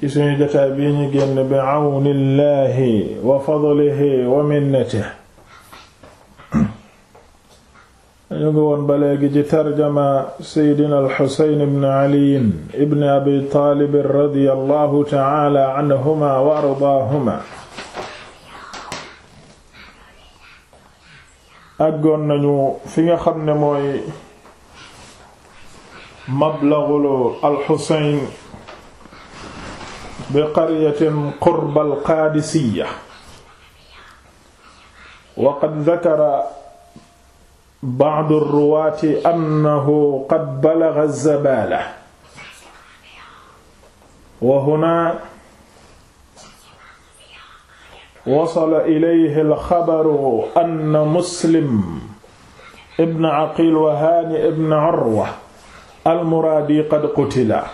ci suñu jotaay bii ñu génn bi àwnillaahi wa fadlihi wa minnatihi ñu ngi woon ba léegi ci tarjama seydina alxuseyn ali ibn abi taalib radiyallahu ta'ala anhuma wa ardaahuma àggoon nañu fi nga xam ne mooy mablaghul alxuseyn bi qaryatin qurba alqaadisiya waqad dakara ba'du ruwaati annahu qad balagha zabaala wa huna wasala ilayhi alxabaru anna muslim ibn aqiil wa haani ibn urwa almuraadi qad qutila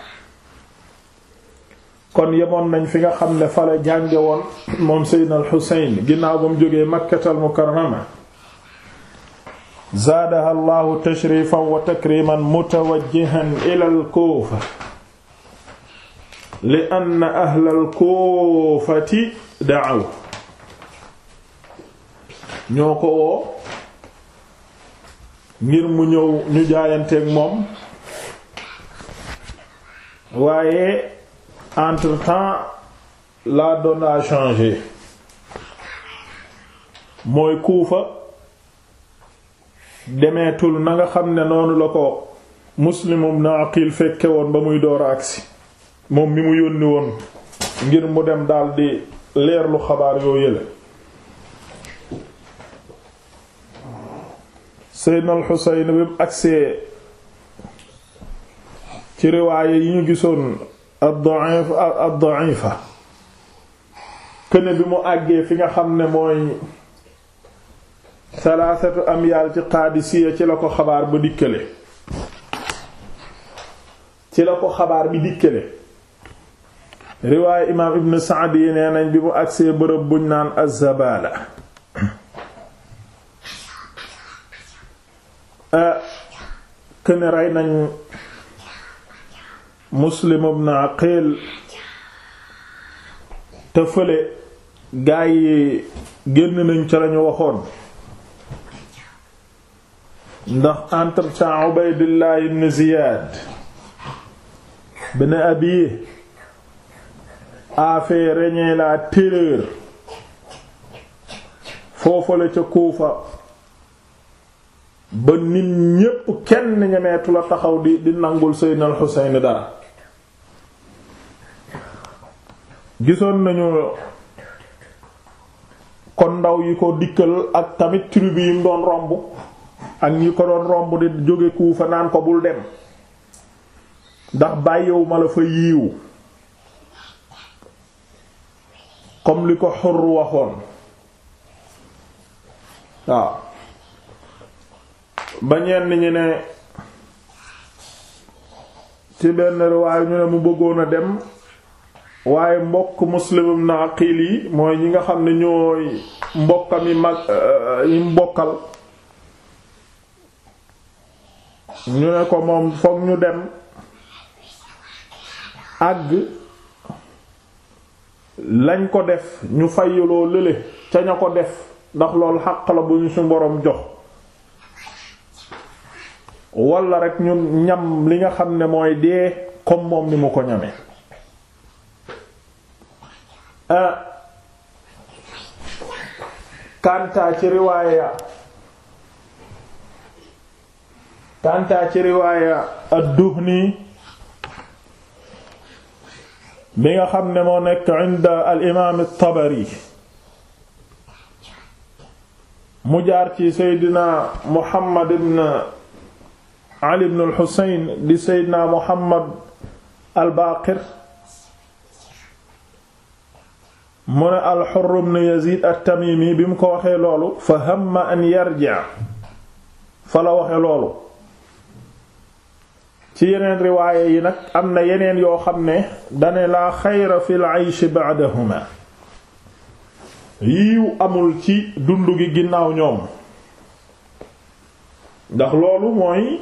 kon yemoon nañ fi nga xam ne fale jànge moom seydna al xuseyn ginnaaw ba mu jógee makkatal mukarrama zaadaha allahu tashrifan wa takriman mutawajjihan ila al li anna ahla al daaw ñoo ko woo ngir mu ñëw ñu jaayanteeg moom waaye entre temps la a changé mooy kuufa demeetul na nga xam ne noonu la ko Muslim ibn Aqil fekke woon ba muy door a agsi moom mi mu yónni woon ngir mu dem daldi leerlu xabaar yoo yële Seydina al bi mu agsee ci riwaaye yi ñu gisoon ad-da'if ad-da'ifa këne bi mu àggee fi nga xam ne mooy salaasatu amyaal ci Qaadisiya ci la ko xabaar ba dikkale ci la ko xabaar bi dikkale riwaaye imaam ibn Sa'd nee nañ bi mu agsee bërëb buñ naan az-Zabaala eh, këne rey nañ muslim ibn aqil te fële gaa yi génn nañu ca lañu waxoon ndax entre-temps Ubaydullah ibn Ziyad ibn Abi a fait régner la foofale ca Kuufa ba nit ñépp kenn ñemeetu la taxaw di di nangul Seydina al Xuseyn dara gisoon nañu kon ndaw yi ko dikkal ak tamit tribu yi mu doon romb ak ñi ko doon romb di jóge Kuufa naan ko bul dem ndax bàyyiwuma la fa yiiwu comme li ko xor waxoon waaw ba ñenn ñi ne ci benn riwaay ñu ne mu bëggoon a dem waaye mbokk muslimum na aqil yi mooy ñi nga xam ne ñooy mbokkam yi mag euh, yi mbokkal ñu ne ko moom fokk ñu dem àgg lañ ko def ñu fayyuloo lële ca ña ko def ndax loolu xàq la bu ñu su boroom jox walla rek ñun ñam li nga xam ne mooy dee comme moom ni mu ko ñame Ah. kantaa ci riwaaya kantaa ci riwaaya ad-Duhni bi nga xam ne moo nekk inda al imaam at-Tabari mu jaar ci seydina Muhammad ibn Ali ibn al-Husayn di seydina Muhammad al-Baqir mu ne al-Hurr ibn Yazid bi mu ko waxee loolu fa hamma an yarji' fa la waxe loolu ci yeneen riwaaye yi nag am na yeneen yoo xam ne dane laa xayra fil 'aysh ba'dahuma yiiw amul ci dund gi ginnaaw ñoom ndax loolu mooy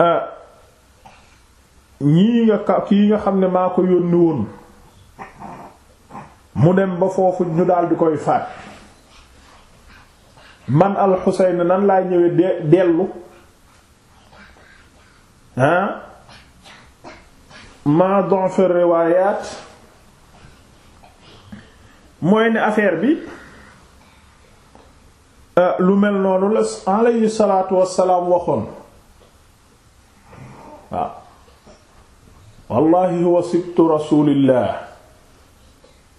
ah, ñii nga kii nga xam ne maa ko yónni mu dem ba foofu ñu daal di koy faat man al Xuseyn nan laay ñëwee de dellu ah ma don riwaayaat mooy ne affaire bi euh, lu mel noonu la alayhi salaatu wassalaam waxoon waaw wallahi huwa sibtu rasulillah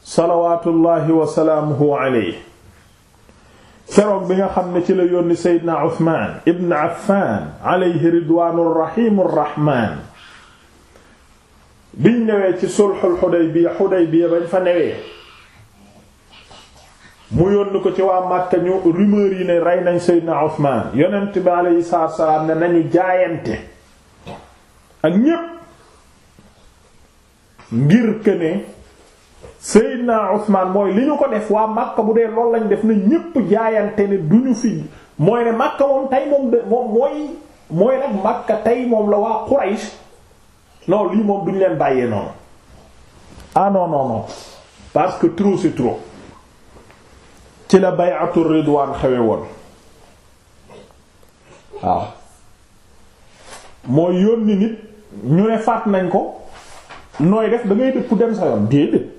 salawaatullahi wa salaamuhu alayhi keroog bi nga xam ne ci la yónni seydna Usmaan ibn Affaan alayhi ridwaanu rahiimu rahmaan biñ newee ci sulxul Xudaybiya Xudaybiya bañ fa newee mu yónni ko ci waa Màkka ñu rumeur yi ne rey nañ seydna Usmaan yonent bi alayhi salaam ne nañu jaayante ak ñépp ngir këne Seydina Ousmane mooy li ñu ko def waa Makka bu dee loolu lañ def na ñépp jaayante du duñu fi mooy ne Makka moom tey moom mooy mooy nag Makka tey moom la waa Quraysh non lii moom duñ leen bàyyee noonu ah non non parce que trop c'est trop ci la bay'atu Ridwaan xewe woon waaw mooy yónni nit ñu ne faat nañ ko nooy def dangay ngay dem sa yoon déedéet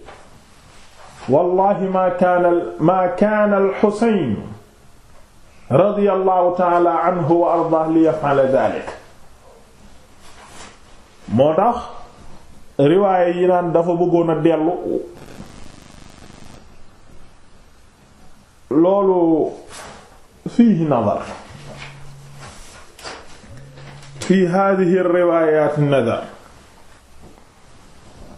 wallahi ma kaana ma kaana al-Husayn radiyallahu ta'ala anhu wa ardaah li yaf'ala dhalik moo tax riwaaye yi naan dafa bëggoon a dellu loolu fiihi nadar fi haadihi riwaayaat nadar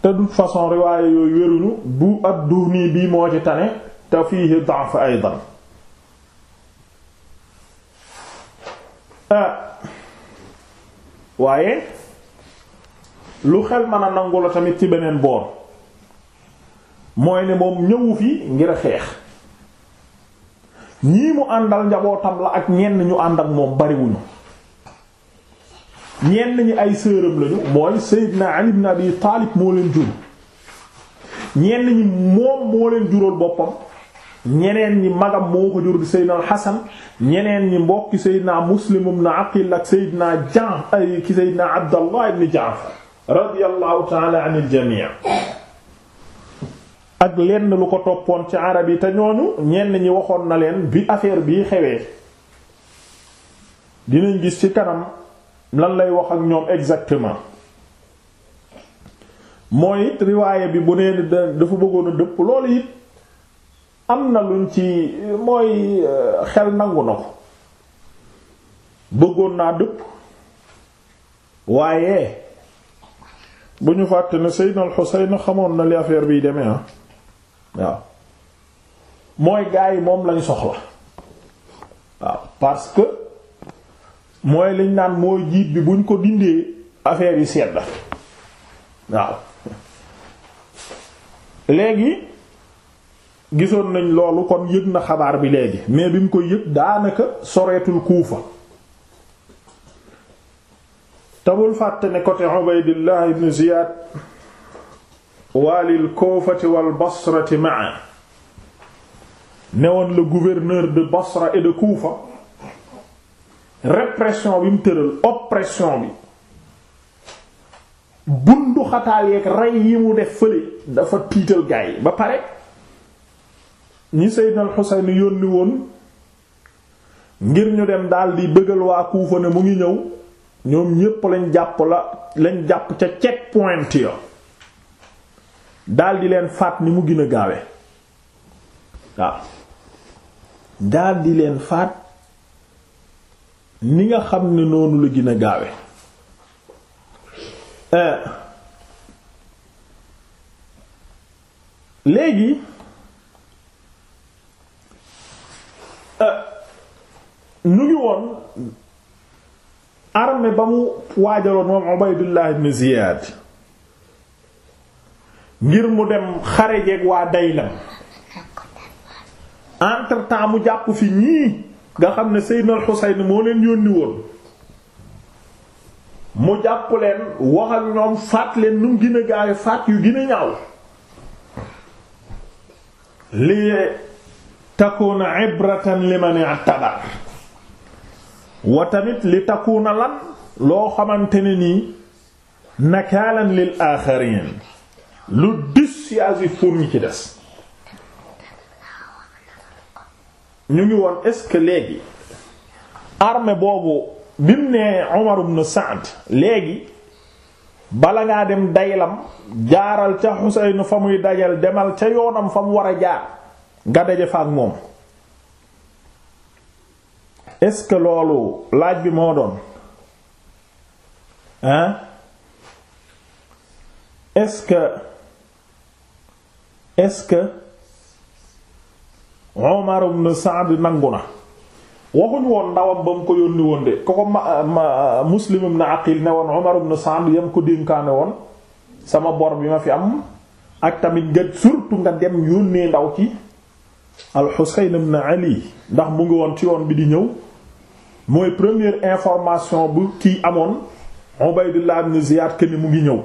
te de toute façon riwaaye yooyu wéruñu bu ad-Duhni bii moo ci tane te fiihi da'f aydan ah. waaye lu xel mën a nangu la tamit ci beneen boor mooy ne moom ñëwu fi ngir xeex ñii mu àndal njabootam la ak ñenn ñu àndak moom bariwuñu ñenn ñi ay sëram lañu mooy Seydina Ali ibn Abi Taalib moo leen jur ñenn ñi moom moo leen jural boppam ñeneen ñi magam moo ko jur di Seydina Al-Hasan ñeneen ñi mbokki Seydina Muslim ibn Aqil ak Seydina Jan ay ki Seydina Abdallah ibn Jaafar radiyallahu ta'ala anil jami' ak lenn lu ko toppoon ci arab yi te ñooñu ñenn ñi waxoon na leen bi affaire bii xewee dinañ gis ci kanam lan lay wax ak ñoom exactement mooy it riwaaye bi bu nee dafa bëggoon a dëpp loolu it am na luñ ci mooy euh, xel nangu na ko bëggoon naa dëpp waaye bu ñu fàtte ne Seydina al xamoon na li affaire biy demee ah waaw mooy gaa yi moom lañ soxla waaw parce que mooy liñ naan moo jiit bi buñ ko dindee affaire yi sedd waaw léegi gisoon nañ loolu kon yëg na xabaar bi léegi mais buñ mu ko yëg daanaka soreetul kuufa tamul fàtte ne côté Ubaydillah ibn Ziyad waalil Kuufati wal Basrati ma'a newoon le gouverneur de Basra et de Kuufa répression bi mu tëral oppression bi bundu rey yi mu def fële dafa tiital gaa ba pare ñi Seydina Al-Husayn yónni woon ngir ñu dem daal di bëggal waa Kuufa ne mu ngi ñëw ñoom ñépp lañ jàpp la lañ jàpp ca check point ya daldi leen faat ni mu gën a gaawe waaw daal leen faat ni nga xam ne noonu la gën a gaawe euh, léegi nu euh, ngi woon armée ba mu waajaloon moom Ubaydullah ibn Ziyad ngir mu dem xare jeeg waa Daylam entre temps mu jàpp fi ñii nga xam ne Seydina al moo leen yónni woon mu jàpp leen wax ak ñoom faat leen nu mu gën faat yu gën a ñaaw li takuna ibratan liman i'tabar wa tamit li na lan loo xamante ne nii nakalan lil aaxarin lu dissuasif pour ñi ci des ñu ngi woon est-ce que léegi armée boobu bi mu nee Umar ibn léegi bala ngaa dem daylam jaaral ca Xuseyn fa muy dajal demal ca yoonam fa mu war a jaar nga daje fa moom est-ce que loolu laaj bi moo doon hein est-ce que Umar ibn Sa'd na waxuñ woon ndawam ba ko yónni woon de ko ko ma Muslim ibn Aqil ne woon ko dénkaane woon sama bor bi ma fi am ak tamit nga surtout nga dem yónnee ndaw ci al-Husayn ibn Ali ndax mu ngi woon ci yoon bi di ñëw mooy première information bu kii amoon Ubaydullah ibn Ziyad ke ni mu ngi ñëw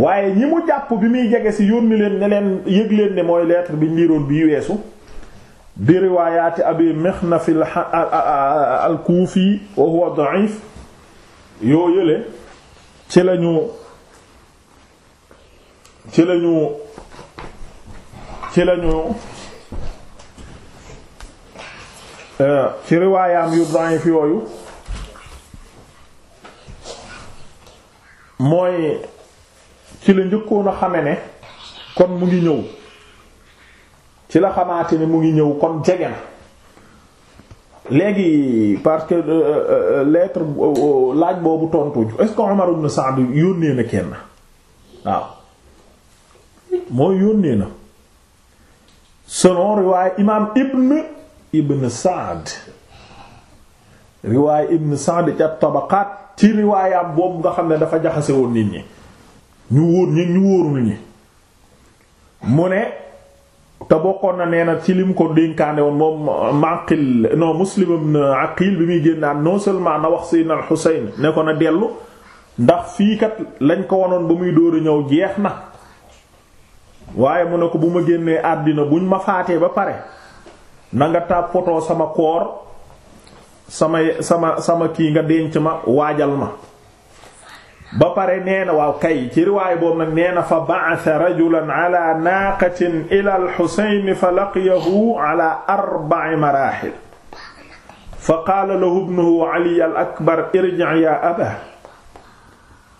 waaye ñi mu jàpp bi muy jege ci yónni leen ne yëg leen ne mooy lettre bi ndiiroon bi weesu bi riwaayaati abi mixnaf al kuufi wa huwa da'if yoo yële ci lañu ci lañu ci lañu euh, ci riwaayaam yu da'if yooyu mooy ci la njëkkoon a xame ne kon mu ngi ñëw ci la xamaate ni mu ngi ñëw kon jege na léegi parce que euh, euh, euh, lettre laaj boobu tontu est-ce que Umar ibn Sa'd yónnee na kenn waaw mooy yónnee na selon riwaay imaam Ibn Ibn Sa'd riwaay Ibn Sa'd ca tabaqaat ci riwaayam boobu nga xam ne dafa jaxase woon nit ñi ñu wóor ñi ñu wóorul ñi mu ne. te bokkoon na nee na ci lim ko dénkaane woon moom maqil non muslim ibn aqil bi muy génnaan non seulement na wax sayyidna al-Husayn ne ko na dellu ndax fii kat lañ ko wanoon ba muy dóor a ñëw jeex na waaye mu ne ko bu ma génnee àddina buñ ma faatee ba pare na nga tàppatoo sama koor sama sama sama kii nga denc ma waajal ma ba pare nee na waaw kay ci riwaay boobu nag nee na fa ba'atha rajulan ala naaqatin ila al-Husayn fa laqiyahu ala arba'i marahil fa qaala lahu ibnuhu Ali al-akbar irji' ya abaa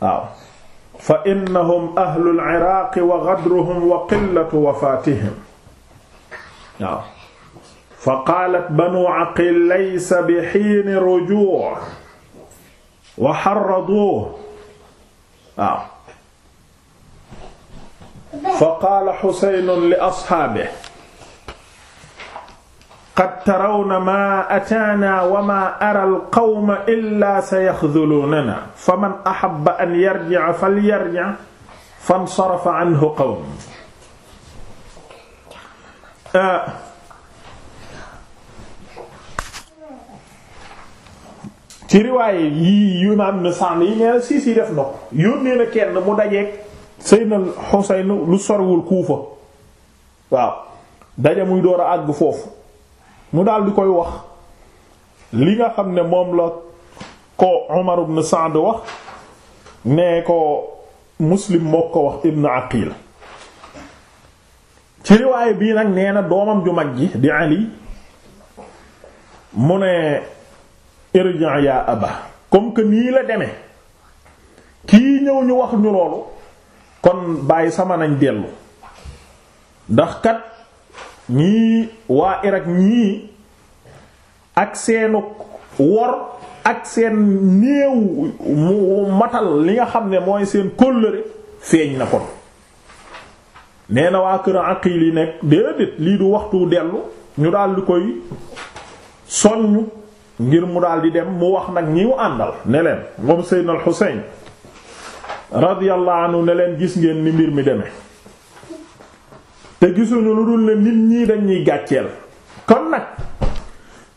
waaw fa innahum ahlu al-Iraq wa ghadruhum wa qillatu wafatihim waaw fa qaalat banu Aqil laysa bi hiin rujuu' wa harraduuhu waaw fa qaala xuseyn li asxaabe qad tarawna maa ataana wa maa ara alqawma illaa sayaxduluunana faman axabba an yarjica falyarjic fansarafa canhu qawm ah, ci riwaaye yi yu imaam na sànn yi nee na sii sii def nokk yónnee na kenn mu dajeeg Seydina Xuseyn lu sorwul Kuufa waaw daja muy door a àgg foofu mu daal di koy wax li nga xam ne moom la ko Umar ibn Sa'd wax nee ko Muslim moo ko wax Ibn Aqil ci riwaaye bii nag nee na doomam ju mag ji di Ali mu ne irja yaa aba comme que nii la deme kii ñëw ñu wax ñu loolu kon bàyyi sama nañ dellu ndax kat ñii waa Irak ñii ak seenu wor ak seen néew mu matal li nga xam ne mooy seen kóllëre feeñ na kon nee na waa kër Aqil yi nekk déedéet lii du waxtu dellu ñu daal di koy soññ ngir mu daal di dem mu wax nag ñi mu àndal ne leen moom Seydina al Xuseyn radiyallahu anhu leen gis ngeen ni mbir mi demee te gisuñu lu dul ne nit ñi dañuy gàcceel kon nag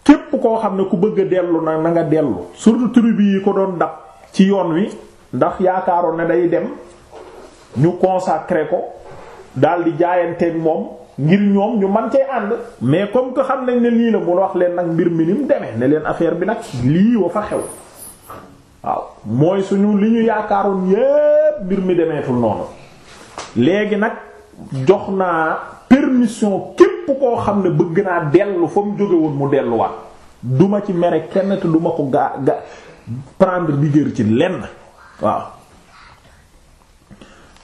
képp koo xam ne ku bëgg a dellu nag na nga dellu surtout tribu yi ko doon dab ci yoon wi ndax yaakaaroon ne day dem ñu consacré ko daldi di jaayanteeg moom ngir ñoom ñu man cee ànd mais comme que xam nañ ne lii la mu wax leen nag mbir mi ni mu demee ne leen affaire bi nag lii wa fa xew waaw mooy suñu li ñu yaakaaroon yépp mbir mi demeetul noonu léegi nag jox naa permission képp koo xam ne bëgg naa dellu fa mu jóge woon mu delluwaat duma ci mere kenn te duma ko gaa ga prendre rigueur ci lenn waaw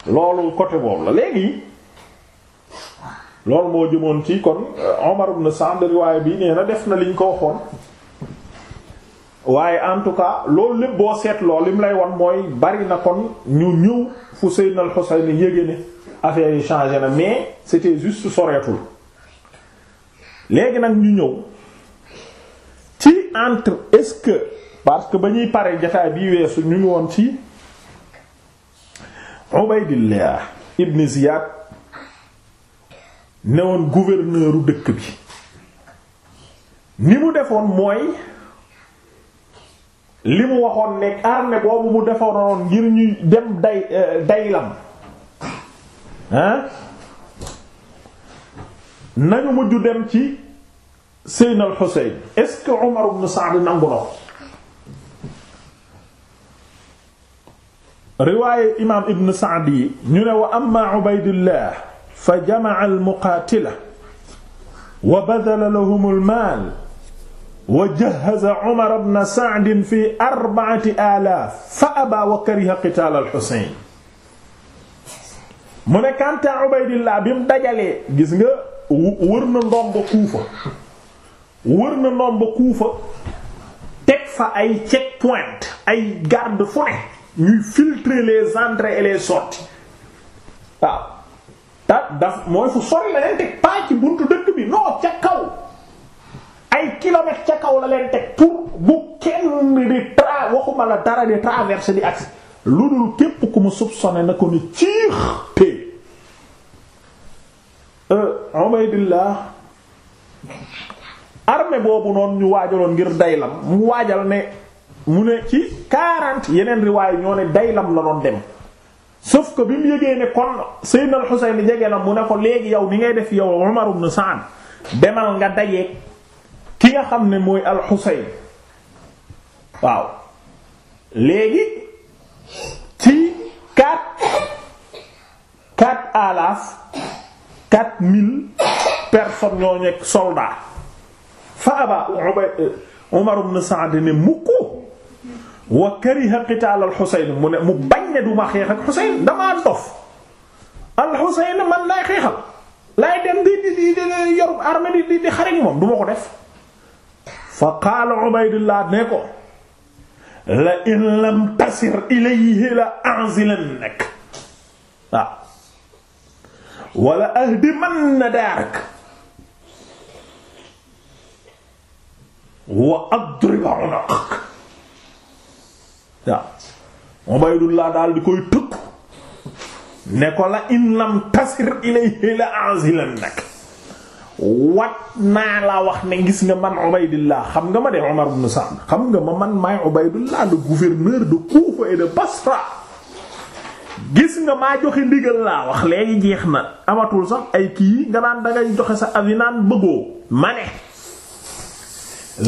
loolu côté boobu la léegi loolu moo jëmoon ci kon euh, Omar ibn Sa'd riwaaya bi nee na def na liñ ko waxoon waaye en tout cas loolu lépp boo seet lool li mu lay won mooy bari na kon ñu ñëw fu Sayyidna al-Husayn yége ne affaire yi changé na mais c'était juste soreetul léegi nag ñu ñëw ci entre est-ce que parce que ba ñuy pare jotaay bi weesu ñu ngi woon ci Ubaydillah ibn Ziyad newoon gouverneuru dëkk bi ni mu defoon mooy li mu waxoon ne armée boobu mu defaroon ngir ñuy dem day euh, daylam ah nañu mujj dem ci Seydina al Xuseyn est-ce que Umar ibn Sa'd nangu na riwaaye imaam Ibn Sa'd yi ñu ne wa amma Ubaydullah fa jamaa almuqaatila wa badala lahum almaal wa jahaza Umar ibn Sa'd fi arba'ati alaaf fa abaa wa kariha qitaal alxusayn mu ne Kantaa Ubaydillah bi mu dajalee gis nga wër na ndomba Kuufa wër na ndomba Kuufa teg fa ay check point ay garde fu ne ñuy filtrer les entrées et les sorties waaw ta daf mooy fu sori la leen teg pas buntu dëkk bi non ca kaw ay kilomètres ca kaw la leen teg pour bu kenn di tra waxuma la dara di traversé di agsi lu dul képp ku mu soupçonné na ko ni ciix te euh, Ubaydillah armée boobu noonu ñu waajaloon ngir daylam mu waajal ne mu ne ci quarante yeneen riwaay ñoo ne daylam la doon dem sauf ko bi mu yëgee ne kon Sayyidna al jege na mu ne ko léegi yow ni ngay def yow Umar ibn Sa'd demal nga dajeek ki nga xam ne mooy al-Husayn waaw léegi ci quatre quatre alaaf quatre mille personnes ñoo nekk soldats fa aba Umar ibn Sa'd ne mukku wa kariha qitaal alxusayn mu ne mu bañ ne du ma xeex ak xusayn damaa dof alxusayn man lay xeexal lay dem di di di yorub arme di di di xare moom du ma ko def fa qaala ubaydullah ne ko la in lam tasir ilayhi la anzilannak waaw ah. wala ahdimanna daarak wa adriba unaqak waaw Ubaydullah la in lam tasir ilayhi la azilannak laa wax ne gis nga man xam nga ma de xam nga ma man maay Ubaydullah le gis nga maa joxe ndigal laa wax léegi jeex na amatul sax ay kii nga naan dangay joxe sa avis naan bëggoo ma ne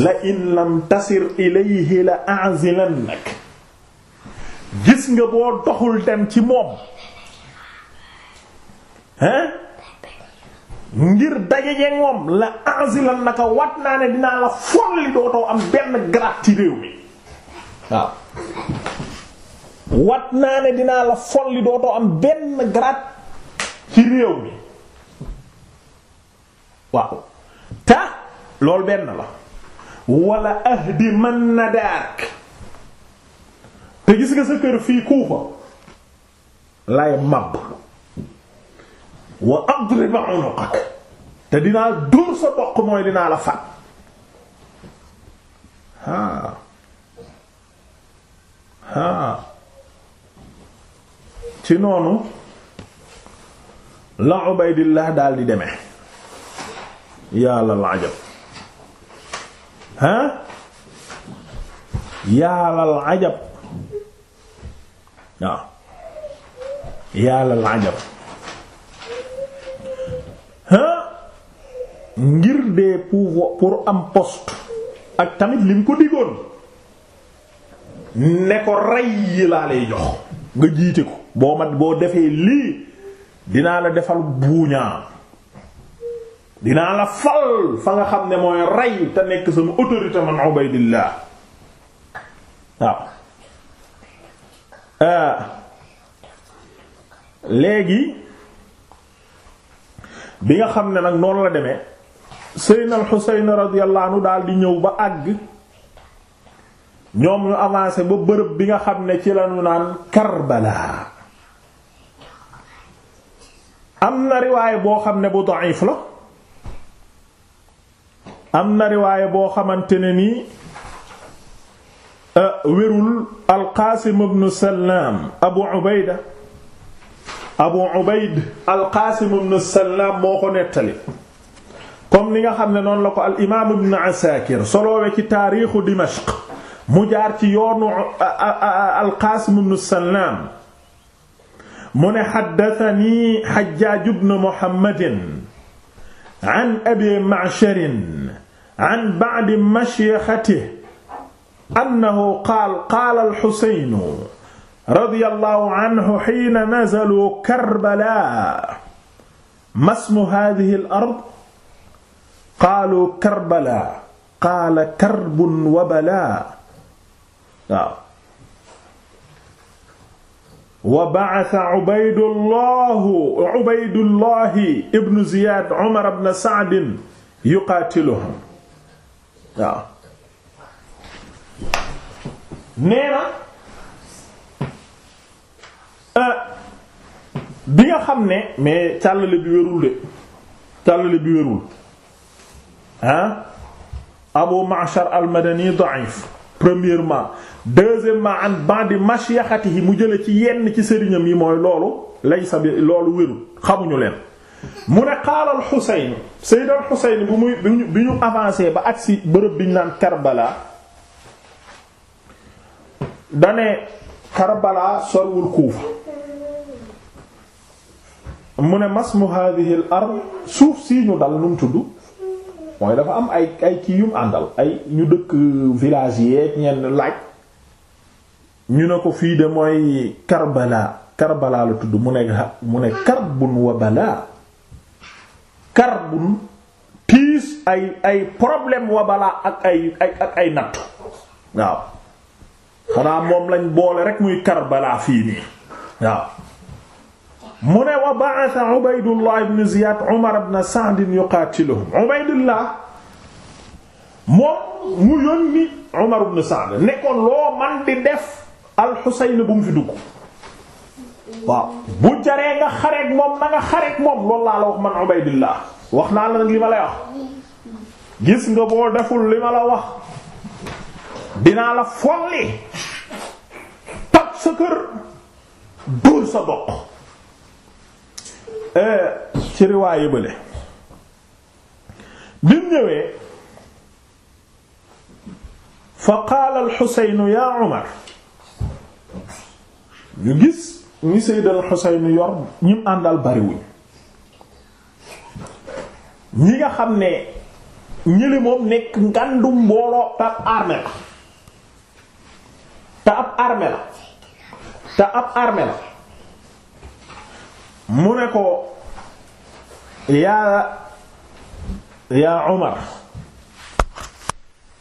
la in lam tasir ilayhi la azilannak gis nga boo doxul dem ci moom hein ngir dajejeeg moom la ansilan naka wat naa ne dinaa la folli dootoo am benn grat ci réew mi waaw naa ne dinaa la folli am benn grat ci réew mi waaw ta loolu benn la wala ahdi man na daark te gis nga sa kër fii Kuufa lay mab wa adrib unuqak te dinaa dóor sa bokk mooy dinaa la fat haa haa ci noonu la Ubaydillah daal di demee yàlla la ajab haa yàlla la ajab waaw yàlla laajal ngir dee pour pour am poste ak tamit li mu ko diggoon ne ko rey yi laa lay jox nga jiite ko boo ma boo defee lii dinaa la defal buuñaa dinaa la fal fa nga xam ne mooy rey te nekk sama autorité man Ubaydillah waaw Ah. léegi bi nga xam ne nag noonu la demee Seydina al-Husayn radiyallahu anhu daal di ñëw ba àgg ñoom ñu avancé ba bërëb bi nga xam ne ci lañu naan Karbala am na riwaay boo xam ne bu da'if la am na riwaay boo xamante ne nii Euh, wérul alqaasim ibn salaam abu ubayda abu ubayd alqaasim ibn salaam moo ko nettali comme ni nga xam ne noonu la ko al imaam ibn asaakir soloowe ci taarixu dimashq mu jaar ci yoonu euh, euh, alqaasim ibn salaam mu ne xaddatani xajjaaj ibn muhammadin an abi ma'shar an ba'di mashyixatihi annahu qaal qaala alxuseynu radiyallahu anhu xiina nazaluu karbala masmu haadihi al ard qaalu karbala qaala karbun wa balaa waaw wa ba'atha Ubaydullahu Ubaydullahi ibnu Ziyaad Umar ibn Sa'd yuqaatiluhum waaw nee euh, bi nga xam ne mais càllale bi wérul de càllale bi wérul ah Abu Ma'shar al-Madani da'if premièrement deuxièmement an ba'di mashyakhatihi mu jële ci yenn ci sëriñam yi mooy loolu laysa bi loolu wérul xamuñu leen mu ne qaala al-Husayn sayyid al-Husayn bu muy bi ñu avancé ba agsi bërëb bi naan karbalaa dane Karbala sorwul Kuufa mu ne masmu hadhihi ard suuf sii ñu dal nu tudd mooy dafa am ay ay kii yum àndal ay ñu dëkk village yeeg ñenn laaj ñu ne ko fii de mooy Karbala Karbala la tudd mu ne mu ne karbun wa bala karbun tiis ay ay problème wa balaa ak ay ay ak ay nattu waaw xanaa moom lañ boole rek muy Karbala fii nii waaw mu ne wa ba'atha Ubaydullah ibn Ziyad Umar ibn mu yónni Umar ne ko loo man di def al-Husayn bu mu fi dugg waaw bu jaree nga xareek moom na nga xareek moom loolu laa la wax man Ubaydullah wax naa la nag li ma lay wax gis nga boo deful li ma la wax dinaa la folli toj sa kër dóor sa doq euh, ci riwaaye bële bi mu ñëwee fa qaala alxuseynu yaa Umar ñu gis ñi seydal alxuseynu yor ñim àndal bariwuñ ñi nga xam ne ñëli moom nekk ngàndum mbooloo par armée te ab armée te ab armée la mu ne ko yaa yaa Umar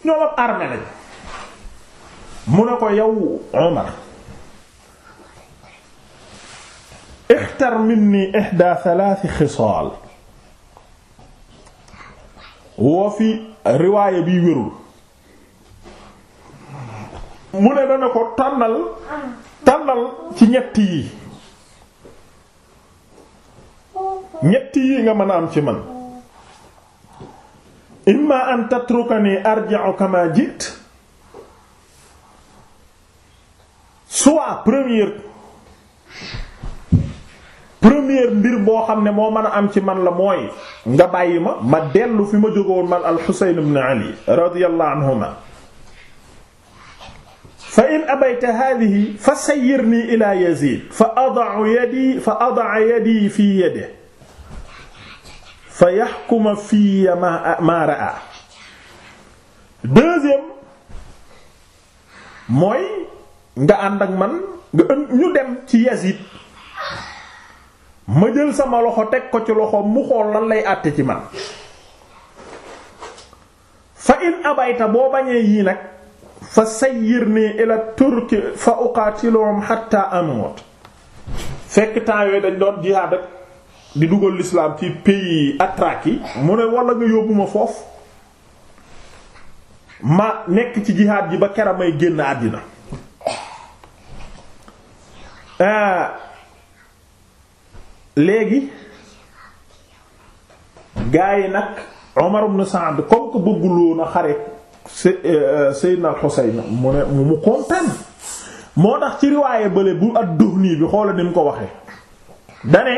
ñoom ab armée mu ne ko yow Umar ixtar minni ihda thalathi xisaal woo fi riwaaya bi wérul mu ne dana ko tànnal tànnal ci ñett yi nga mën a am ci man imma an tatrukani arji'u kama jit soit première première mbir boo xam ne moo mën a am ci man la mooy nga bàyyi ma ma dellu fi ma jógoon man al Husayn ibn Ali radiyallahu anhuma fa in abayta haadihi fa sayyirnii ilaa Yaziid fa ada'u yadii fa ada'a yadii fii yadihi fa yahkuma fiyya maa ra'aa mooy nga ànd ak man nga ñu dem ci Yaziid ma jël sama loxo teg ko ci loxo mu xool lan lay àtte ci man fa in abayta boo bañee yii nag. fa sayyirni ila turki fa uqatiluhum hatta amut fekk temps yooyu dañ doon jihaad rek di dugal lislaam ci pays Atrak yi mu ne wala nga yóbbu foofu ma nekk ci jihaad ji ba keram may génn àddina euh, léegi gaa yi nag Umar ibn Sa'd comme que bëgguloon a xare Euh, euh, Seydina al-Husayn mu ne mu comprendre moo tax ci riwaaye bële bu ad bi xoola ni mu ko waxee dane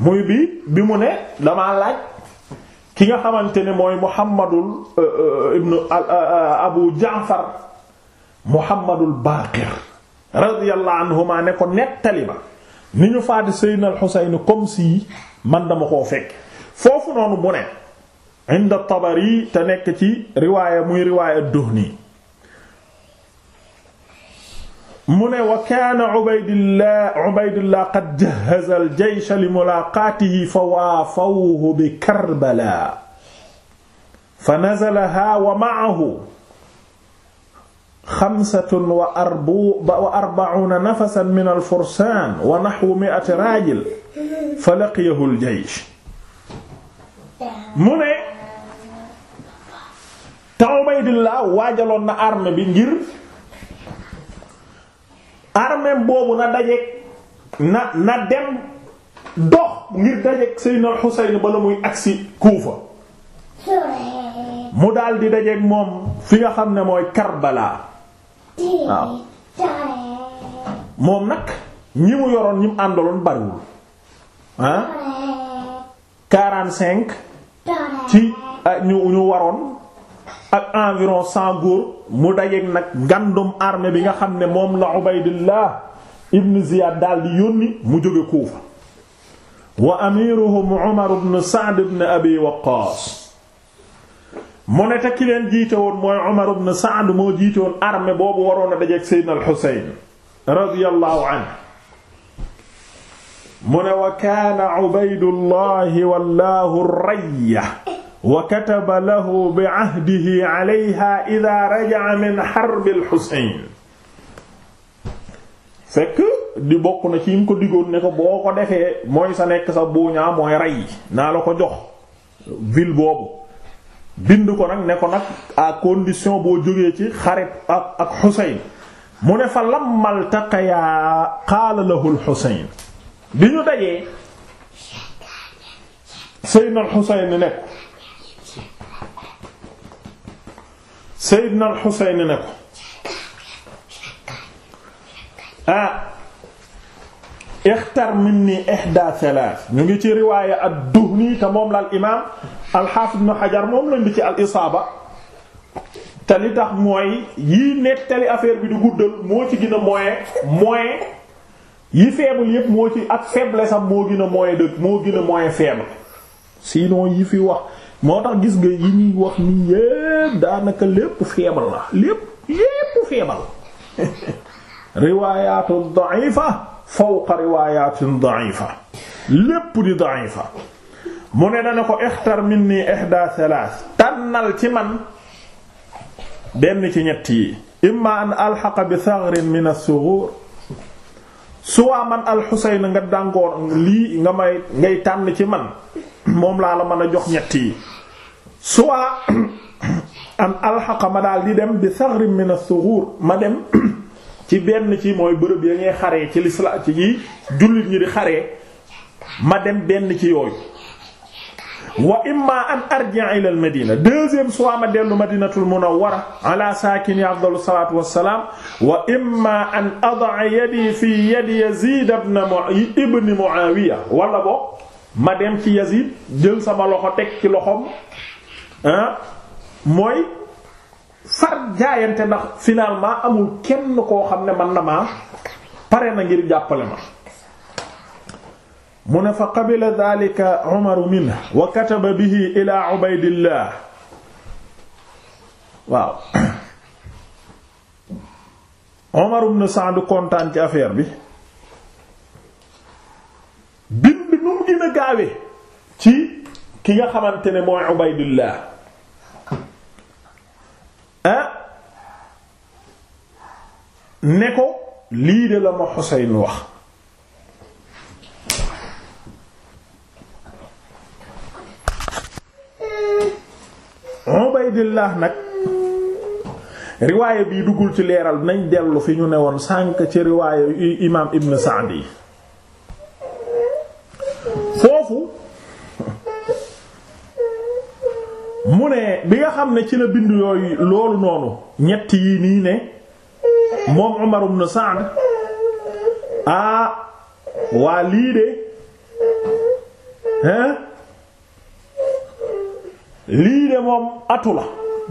muy bi bi mu ne damaa laaj ki nga xamante ne mooy Muhammadul euh, ibnu Abu Jaafar Muhammadul Baqir radiyallahu anhuma ne ko nettali ba ni ñu faati Seydina al-Husayn comme si man dama koo fekk foofu noonu mu ne inda Tabari te nekk ci riwaaya muy riwaaya Duhni mu ne wa kaana Ubaydullah Ubaydullah qad jahhaza al-jaysh li mulaaqaatihi fa waafawhu bi Karbala fa nazalahaa wa ma'ahu xamsatun wa arba'uuna nafasan min al-fursaan wa naxwu mi'ati raajil fa laqiyahu al-jaysh mu ne te Ubaydillah waajaloon na armée bi ngir armée boobu na dajeek na na dem dox ngir dajeek Seydina Xuseyn bala muy agsi Kuufa mu daal di dajeek moom fi nga xam ne mooy kar balaa moom nag ñi mu yoroon ñi mu àndaloon bariwul ah quarante ci ñu ñu waroon ak environ cent góor mu dajeek nag ngandum armée bi nga xam ne moom la Ubaydullah ibn Ziyad daal di yónni mu jóge Kuufa wa amiruhum Umar ibn Sa'd ibn Abi Waqqas mu ne te jiite woon mooy Umar ibn Sa'd moo jiite woon armée boobu waroon a dajeek al-Husayn radiyallahu anhu mu ne wa kaana Ubaydullah wallahu rayya wa kataba lahu bi ahdihi alayha raja'a min xarbil Xuseyn fekk di bokk na ci yim ko digoon ne ko boo ko defee mooy sa nekk sa buuñaa mooy rey naa la ko jox ville boobu bind ko nag ne ko nag à condition boo jógee ci xarit ak Xuseyn mu ne fa lammal taqayaa qaala lahu al bi ñu dajee Seydina al nekk Seydina Al-Xuseyn ko ah ixtar minni ihda thalath ñu ngi ci riwaaya ad-Duhni te moom la al imaam al-Hafiz Ibn moom lañ di ci al-Isaaba te ni tax mooy yii nettali affaire bi du guddal moo ci gën a moyen yi faible yépp moo ci ak faible sax moo gën a moyen moo gën a moyen faible yi fi wax moo tax gis nga yi ñuy wax ni yépp daanaka lépp feebal la lépp lépp feebal riwaayaatu da'ifa fawqa riwaayatin da'ifa lépp di da'ifa mu ne dana ko ixtar minni ihda thalath tànnal ci man benn ci ñett yi imma an alxaqa bi saghrin min as-sughur suwaa man al-Husayn nga dàngoor lii nga may ngay tànn ci man moom laa la mën a jox ñett yi soit an alxaqa ma daal di dem bi saxrin min as-sughur ma dem ci benn ci mooy bërëb ya ngay xaree ci lisla ci jullit ñi di xaree ma dem benn ci yooyu wa imma an arji'a ila al madina deuxième soit ma dellu madinatul munawwara ala saakini afdalu salaatu wassalaam wa imma an ad'a yadi fi yadi yazid ibn mu'awiya wala bo ma dem ci Yazid jël sama loxo teg ci loxoom mooy far jaayante ndax finalement amul kenn koo xam ne man na maa pare na ngir jàppale ma mu ne fa qabila dhalika wa kataba bihi ila Ubaydillah waaw Umar ibn Sa'd kontaan ci affaire bi gën a gaawe ci ki nga xamante ne mooy Ubaydullah ah? ne ko lii de la ma Xuseyn wax Ubaydullah nag riwaaya bii duggul ci leeral nañ dellu fi ñu ne woon sànk ci riwaaya imaam Ibn Sa'di foofu mu ne bi nga xam ne ci la bind yooyu loolu noonu ñett yi nii ne moom Umar ibn Sa'd aa waa lii de hein lii de moom atu la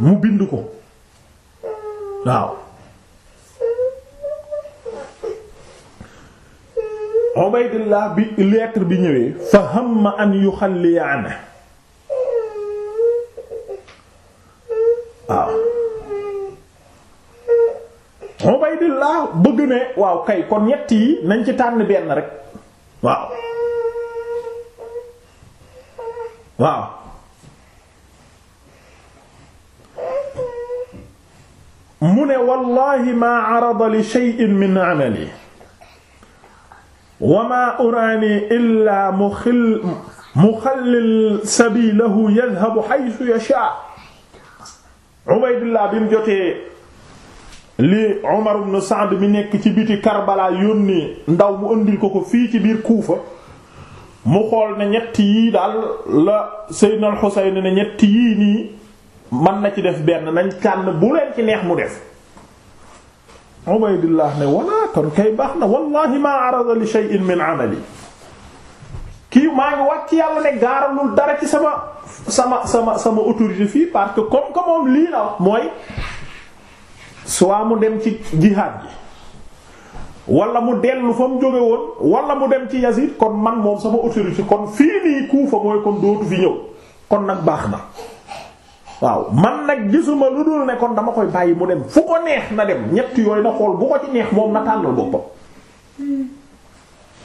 mu bind ko waaw Ubaydillah bi lettre bi ñëwee fa hamma an yuxalliya anhu waaw ah. Ubaydillah bëgg ne waaw kay kon ñett yi nañ ci tànn benn rek waaw waaw mu ne wallahi ma arada li shay'in min amali wama uraani illaa muxil muxallil sabilahu yadhabu haythu yashaa Ubaydullah bi mu jotee li Umar ibn Sa'd mi nekk ci biti Karbala yónni ndaw mu ëndil ko ko fii ci biir Kuufa mu xool na ñett yii daal la Seydina al Xuseyn ne yii nii mën na ci def benn nañ tànn bu leen ci neex mu def Ubaydillah ne walla kon kay baax na wallahi maa arada li shay'in min amali kii maa ngi wàcc yàlla ne gaaralul dara ci sama sama sama sama autorité fii parce que comme que lii la mooy soit mu dem ci jihaad ji wala mu dellu fa mu jóge woon wala mu dem ci Yazid kon man moom sama autorité kon fii nii Kufa mooy kon dootu fi ñëw kon nag baax na waaw man nag gisuma lu dul ne dama koy bàyyi mu dem fu ko neex na dem ñett yooyu na xool bu ko ci neex moom na tànnal boppam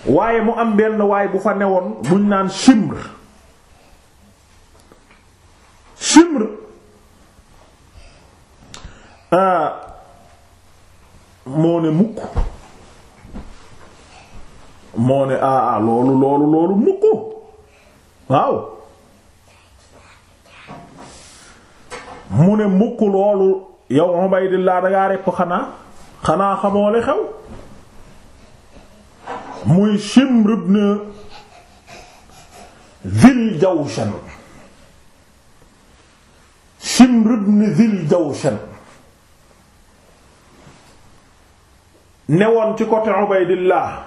waaye mu am benn waaye bu fa newoon buñ naan simr simr euh, moo ne mukk moo ne aa ah, ah, loolu loolu loolu mukk waaw mu ne mukk loolu yow Ubaydillah dangaa rekk xanaa xanaa xamoo li xew muy Shimr ibn Dhil Jawshan Shimr ibn Dhil Jawshan newoon ci côté Ubaydillah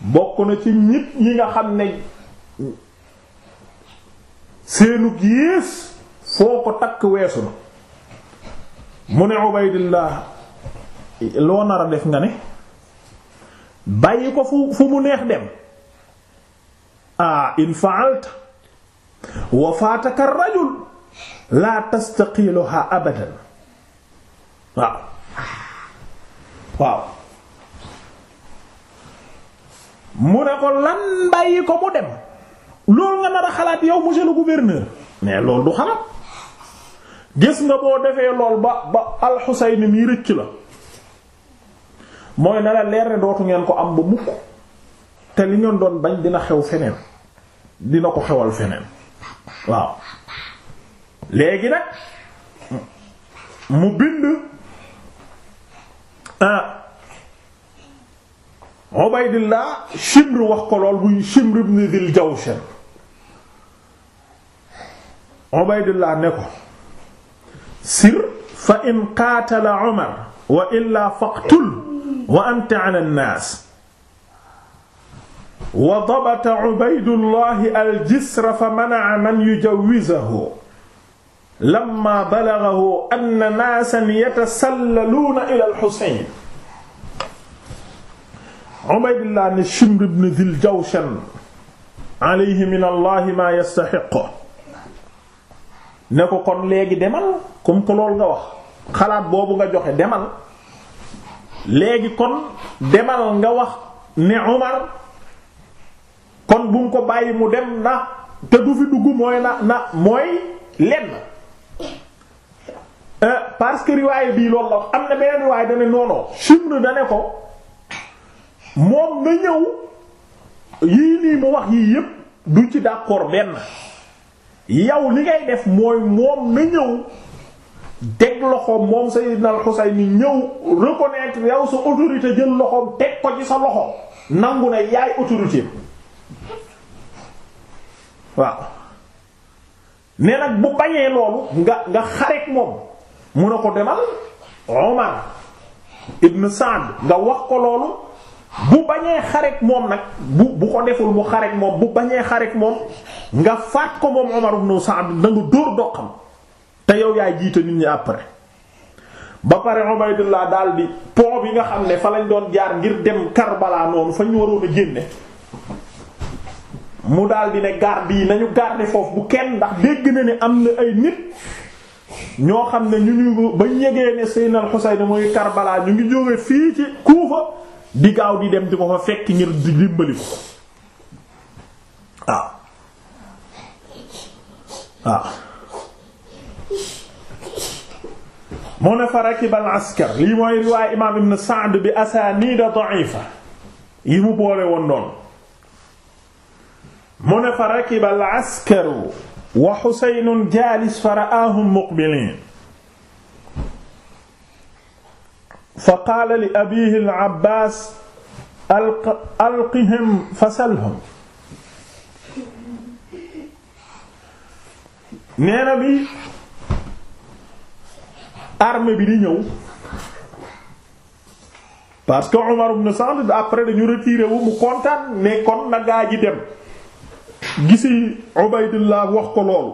bokk na ci ñit ñi nga xam ne seenu yées foo ko takk weesu na mu ne Ubaydillah loo nar def nga ne bàyyi ko fu fu mu neex dem a ah, in fa'alta wa rajul la tastaqiluha abadan waaw waaw mu ne ko lan bàyyi ko mu dem loolu nga nar xalaat yow monsieur le gouverneur mais loolu du xalaat gis nga boo defee lool ba ba alxuseyn mi rëcc la mooy na la leer ne dootu ngeen ko am ba mukk te li ngeen doon bañ dina xew feneen dina ko xewal feneen waaw léegi nag mu bind ah, Ubaydillah Shimr wax ko lool muy Shimr ibn jow Jawshan Ubaydullah ne ko sir fa in qaatala Umar wa illaa faqtul wa anta ala nnaas wa dabata Ubaydullah al-jisra fa mana'a man yujawwizahu lamma balaghahu anna naasan yatasallaluuna ila al-Husayn Ubaydullah ne Shimr ibn Dhil Jawshan alayhi min Allah ma yastahiqquhu ne ko kon léegi demal comme que loolu nga wax xalaat boobu nga joxe demal léegi kon demal nga wax ne Umar kon bu mu ko bàyyi mu dem na te du fi dugg mooy na na mooy lenn euh, parce que riwaay bii loolu la wax am na beneen riwaay da ne noonu Shimr da ko moom nga ñëw yii nii mu wax yii yépp du ci d'accord benn. yow li ngay def mooy moom na ñëw teg loxo moom Sayyidna al-Husayni ñëw reconnaître yow sa autorité jël loxoom teg ko ci sa loxo nangu na yaay autorité waaw ne nag bu bañee loolu nga nga xareek moom mun a ko demal Omar ibn Saad nga wax ko loolu bu bañee xarek moom nag bu bu ko deful mu xarek moom bu bañee xarek moom nga faat ko moom Umar ibn Sa'd da nga dóor doqam te yow yaay jiite nit ñi après ba pare Ubaydullah daal di bi nga xam ne fa lañ doon jaar ngir dem Karbala noonu fa ñu waroon a génne mu daal di ne garde yi nañu garder foofu bu kenn ndax dégg na ne am na ay nit ñoo xam ne ñu ñu bañ yegee ne Seynal Husayn mooy Karbala ñu ngi jóge fii ci Kufa di gaaw di dem di ko fa fekk ngir di dimbali ko waaw ah. ah. waaw mu ne fa rakiba al askar lii mooy riwaay imaam ibn Sa'd bi a da'ifa yi mu boole woon noonu ne fa rakiba al askaru wa Husaynun jaalis fa ra'aahum muqbiliin fa qaala li abiihi al-Abbaas alqihim fasalhum nee na bi armée bi di ñëw parce que Umar ibn Sa'd après dañu retiré wu mu kontaan ne kon na gaa ji dem gisi Ubaydullah wax ko loolu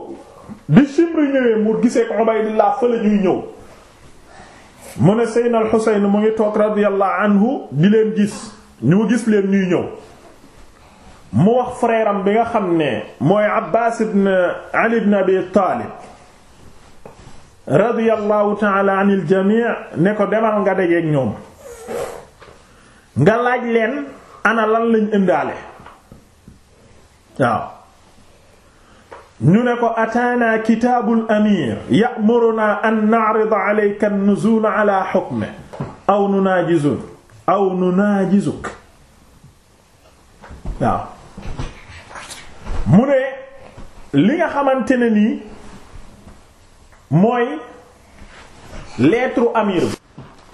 bi Shimr ñëwee mu gisee ko Ubaydullah fa la ñuy ñëw mu ne Seydina al Xuseyn mu ngi toog radiyallahu anhu di leen gis ñu gis leen ñuy ñëw mu wax frère bi nga xam ne mooy Abbaas ibn Ali ibn Abi Taalib radiyallahu ta'ala anil jamii ne ko demal nga dajeek ñoom nga laaj leen ana lan lañ indaale waaw ñu ne ko ataana kitaabul amir ya'muruna an na'rida alayka an-nuzul ala hukmi aw nunaajizuk aw nunaajizuk mu ne li nga xamante ne nii mooy lettre amir bi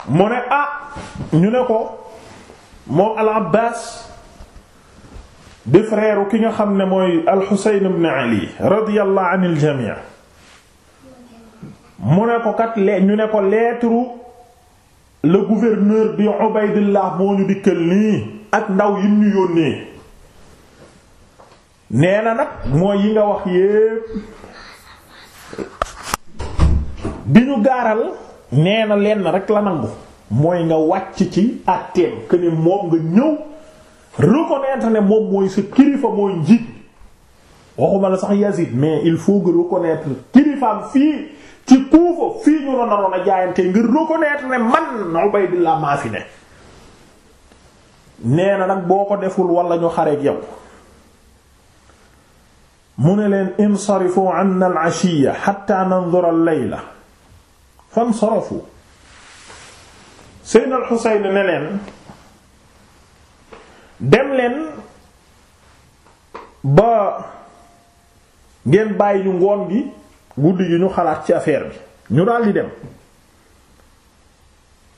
mu ne ah ñu ne ko moom al-Abbaas di frère ki nga xam ne mooy alxuseyn ibn ali radiyallahu anil jamii mu ne ko kat le ñu ne ko lettre la gouverneur bi Ubaydullah moo ñu dikkal nii ak ndaw yim ñu yónnee nee na nag mooy yi nga wax yépp bi ñu gaaral nee na lenn rekk la nangu mooy nga wàcc ci àtteem que moom nga ñëw reconnaître ne moom mooy sa kilifa mooy njiit waxuma la sax Yazid mais il faut que reconnaître kilifaam fii ci kuufa fii ñu naroon a jaayante ngir reconnaître ne man Ubaydillah maa fi ne nee nag boo ko deful wala ñu xareeg yow mu ne leen insarifu anna al-ashiya hatta nanzura al-layla fansarafu Sayyid ne leen dem leen ba ngeen bàyyi ñu ngoon gi guddi gi ñu xalaat ci affaire bi ñu daldi dem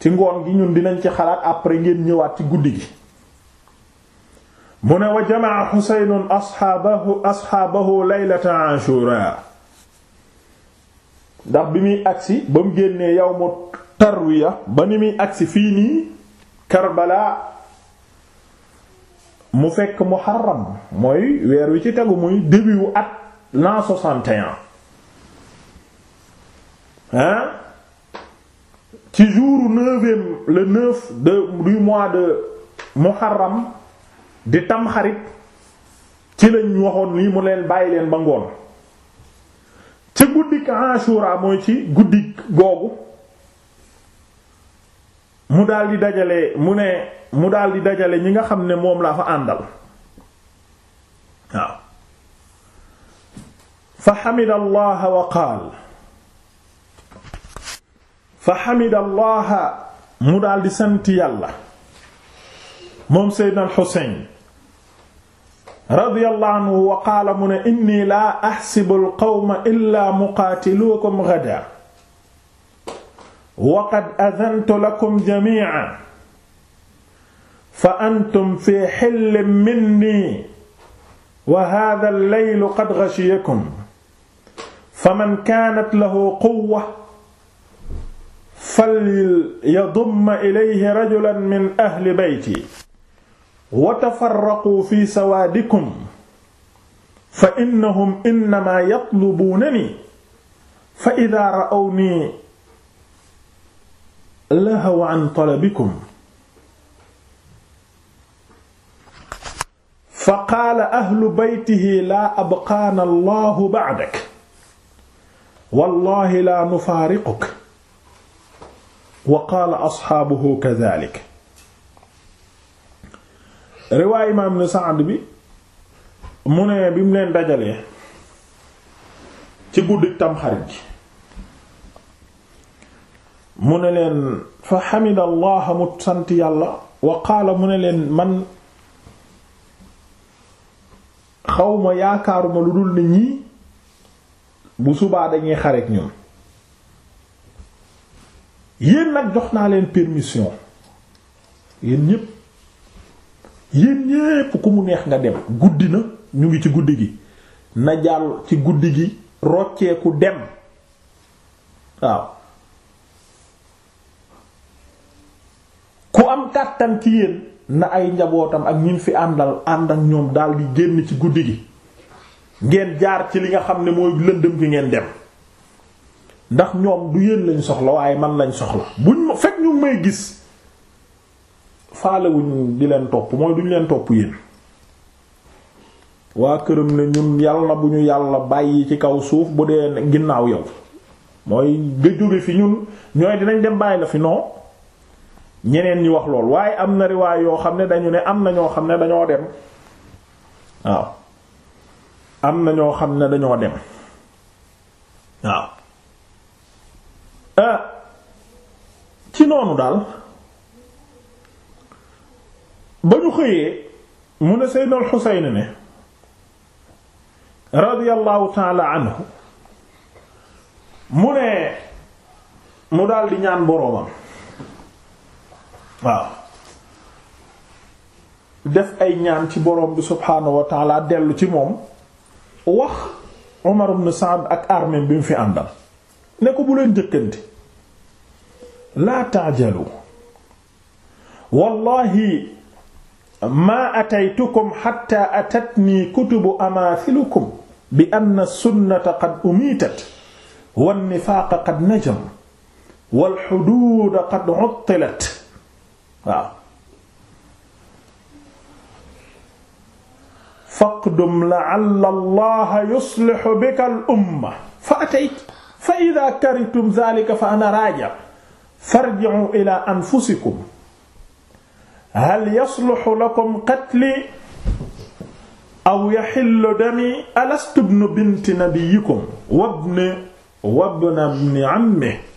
ci ngoon gi ñun dinañ ci xalaat après ngeen ñëwaat ci guddi gi mu ne wa jamaa xuseyn asxaabahu asxaabahu leylata ashura ndax bi muy agsi ba mu génnee yawmu tarwiya ba ni muy agsi fii nii Karbala mu fekk muharram mooy weer wi ci tegu muy début at l'an 61 hein ci jour neuvième le neuf de du mois de muharram di tamxarit ci lañ waxoon lii mu leen bàyyi leen ba ngoon ci guddik ashura mooy ci guddik googu mu daal di dajale mu ne mu daal dajale ñi nga xam ne moom laa fa àndal waaw fa xamida allaha wa qaal fa xamida allaha mu daal di sant yàlla moom seydna alxusayn radiyallahu wa qaala mu ne inni laa axsibu alqawma illa muqaatilukum ghadan wa qad adantu lakum jamii'an fa antum fi xillin minni wa haadha al-laylu qad ghashiyakum faman kaanat lahu quwwa falyadumma ilayhi rajulan min ahli bayti wa tafarraqu fi sawaadikum fa innahum innamaa yatlubuunani fa idaa ra'awnii lahaw an talabikum fa qaala ahlu baytihi laa abqaana allahu ba'dak wallahi laa nufaariquk wa qaala asxaabuhu kadalik riwaay imaam ibn Sa'd bi mu ne bi mu leen dajalee ci guddi Tamxarit gi mu ne leen fa xamida mu sant yàlla wa qaala mu ne leen man xawma yaakaaruma lu dul ne ñii bu subaa dañuy xareek ñun yéen nag jox naa leen permission yéen ñépp yéen ñépp ku mu neex nga dem guddi na ñu ngi ci guddi gi na ci guddi gi rocceeku dem waaw am kàttan ci yéen na ay njabootam ak ñin fi àndal ànd ak ñoom daal di génn ci guddi gi ngeen jaar ci li nga xam ne mooy lëndëm gi ngeen dem ndax ñoom du yéen lañ soxla waaye man lañ soxla buñ fekk ñu may gis faalewuñ di leen topp mooy duñ leen topp yéen waa këram ne ñun yàlla bu ñu yàlla bàyyi ci kaw suuf bu dee ginnaaw yow mooy nga jóge fi ñun ñooy dinañ dem bàyyi la fi non ñeneen ñi wax lool waaye am na riwaay yoo xam ne dañu ne am na ñoo xam ne dañoo dem waaw am na ñoo xam ne dañoo dem waaw ah, ci noonu daal ba ñu xëyee mu ne Seydina al-Husayn ne radiyallahu ta'ala anhu mu ne mu daal di ñaan boroomam def ay ñaan ci borom bi subhaanahu dellu ci moom wax Umar ibn Sa'd ak armée bi fi àndal ne ko bu leen jëkkante laa ta'jalu wallahi maa ataytukum xatta atatni kutubu amaathilukum bi anna sunnata qad umiitat wan nifaaqa qad najam wal xuduuda qad uttilat waaw faqdum la'alla allaha yuslihu bika al umma fa atayt fa idha karitum dhalika fa ana raji' farji'u ila anfusikum hal yasluhu lakum qatli aw yahillu dami alastu ibnu binti nabiyyikum wa ibnu wa ibnu ammihi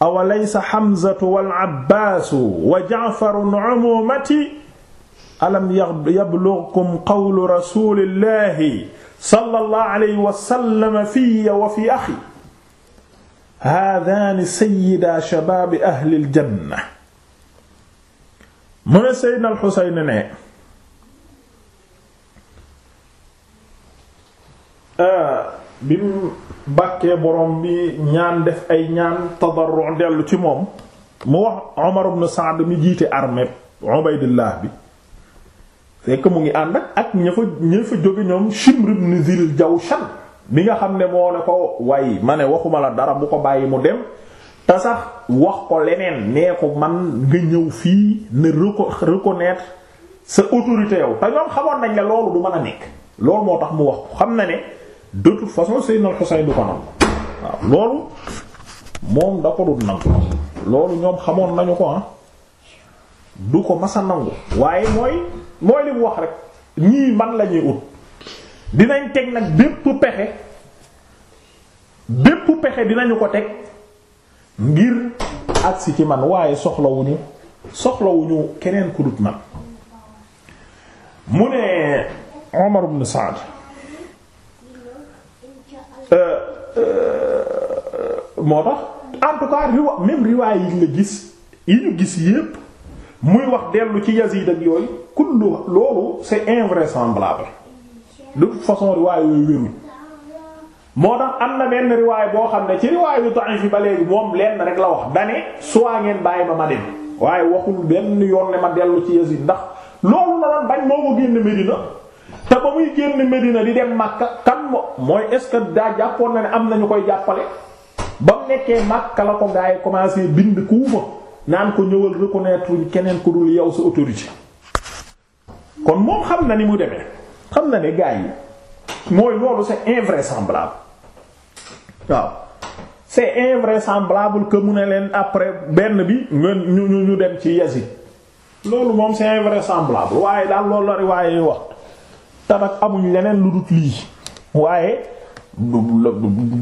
awalaysa xamzatu wal abbaasu wa ja'farun umuumati alam yablugkum qawlu rasuulillaahi sallallahu alayhi wa sallam fiyya wa fi axi haadaani sayyidaa shabaabi ahlil janna mu ne Seydina Alxuseyn ne ah. bi mu bàkkee borom bi ñaan def ay ñaan tadarru dellu ci moom mu wax Omar ibn Saad mi jiite armée Ubaydillah bi fekk mu ngi ànd ak ña fa ña fa jóge ñoom Shimr ibn Zil Jawshan mi nga xam ne moo ne ko waaye ma ne waxuma la dara bu ko bàyyi mu dem te sax wax ko leneen nee ko man nga ñëw fii ne reco reconnaître sa autorité yow te ñoom xamoon nañ ne loolu du mën a nekk loolu moo tax mu wax xam na ne. de toute façon Seydina Xuseyn du ko nangu waaw loolu moom da ko dul nangu loolu ñoom xamoon nañu ko ah. du ko masa nangu waaye mooy mooy li wax rek ñii man la ut dinañ teg nag bépp pexe bépp pexe dinañu ko teg ngir agsi ci man waaye soxlawuñu soxlawuñu keneen ku dut man mu ne Umar ibn Saad Euh, euh, moo tax en tout cas riwa riwaay yi la gis yi ñu gis yépp muy wax dellu ci Yazid ak yooyu kullu loolu c'est invraisemblable de toute façon riwaay yooyu wérul moo tax am na benn riwaay boo xam ne ci riwaay yu da'if yi ba léegi moom lenn rek la wax dane soit ngeen bàyyi ma ma dem waaye waxul benn yoon ne ma dellu ci Yazid ndax loolu la doon bañ moo ko génn Medina te ba muy génn Medina di dem Makka kan mo mooy est daa jàppoon na ne am na ñu koy jàppale ba mu nekkee Makka la ko gaa yi commencé bind kuuma naan ko ñëwal reconnaître keneen ku dul yow sa autorité kon moom xam na ni mu demee xam na ne gaa yi mooy loolu c'est invraisemblable waaw c'est invraisemblable que mu ne leen après benn bi ngeen ñu ñu dem ci Yazid loolu moom c'est invraisemblable waaye daal loolu la riwaaye yi wax. te nag amuñ leneen lu dut lii waaye du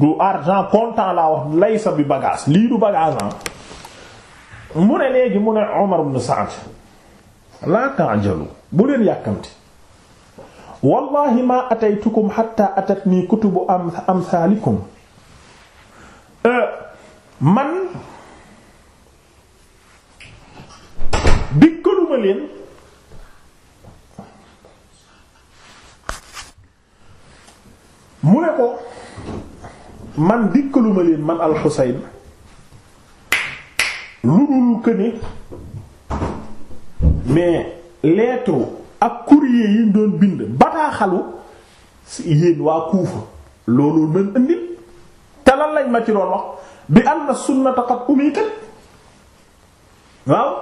du argent comptant laa wax laysa bi bagage lii du bagage ah mu ne léegi mu ne Umar ibn Sa'd laa ta'jalu bu leen yàkkamti wallahi ma ataytukum hatta atatni kutubu am amsaalikum euh, man dikkaluma leen mu ne ko man dikkaluma leen man alxuseyn lu dul këne mais lettre ak courrier yi doon bind bataaxalu si yéen waa Kuufa loolu mën indil te lan lañ ma ci doon wax bi am na sunnata qad umitat waaw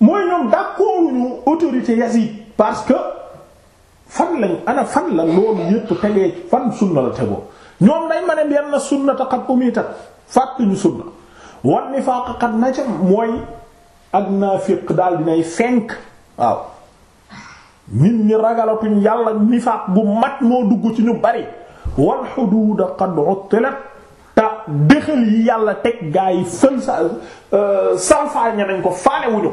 mooy ñoom d'accorduñu autorité Yazid parce que fan la loolu yépp tegee fan sunna la tegoo ñoom dañ ma ne benn sunnata qad umitat fàttu ñu sunna wan nifaaq qad najam mooy ak naafiq daal dinay fenk waaw nit ñi ragalatuñ yàlla nifaaq bu mat moo dugg ci ñu bari wal xuduuda qad uttilat ta dëxal yi yàlla teg gaa yi fël sa euh, salfaañe nañ ko faale wuñu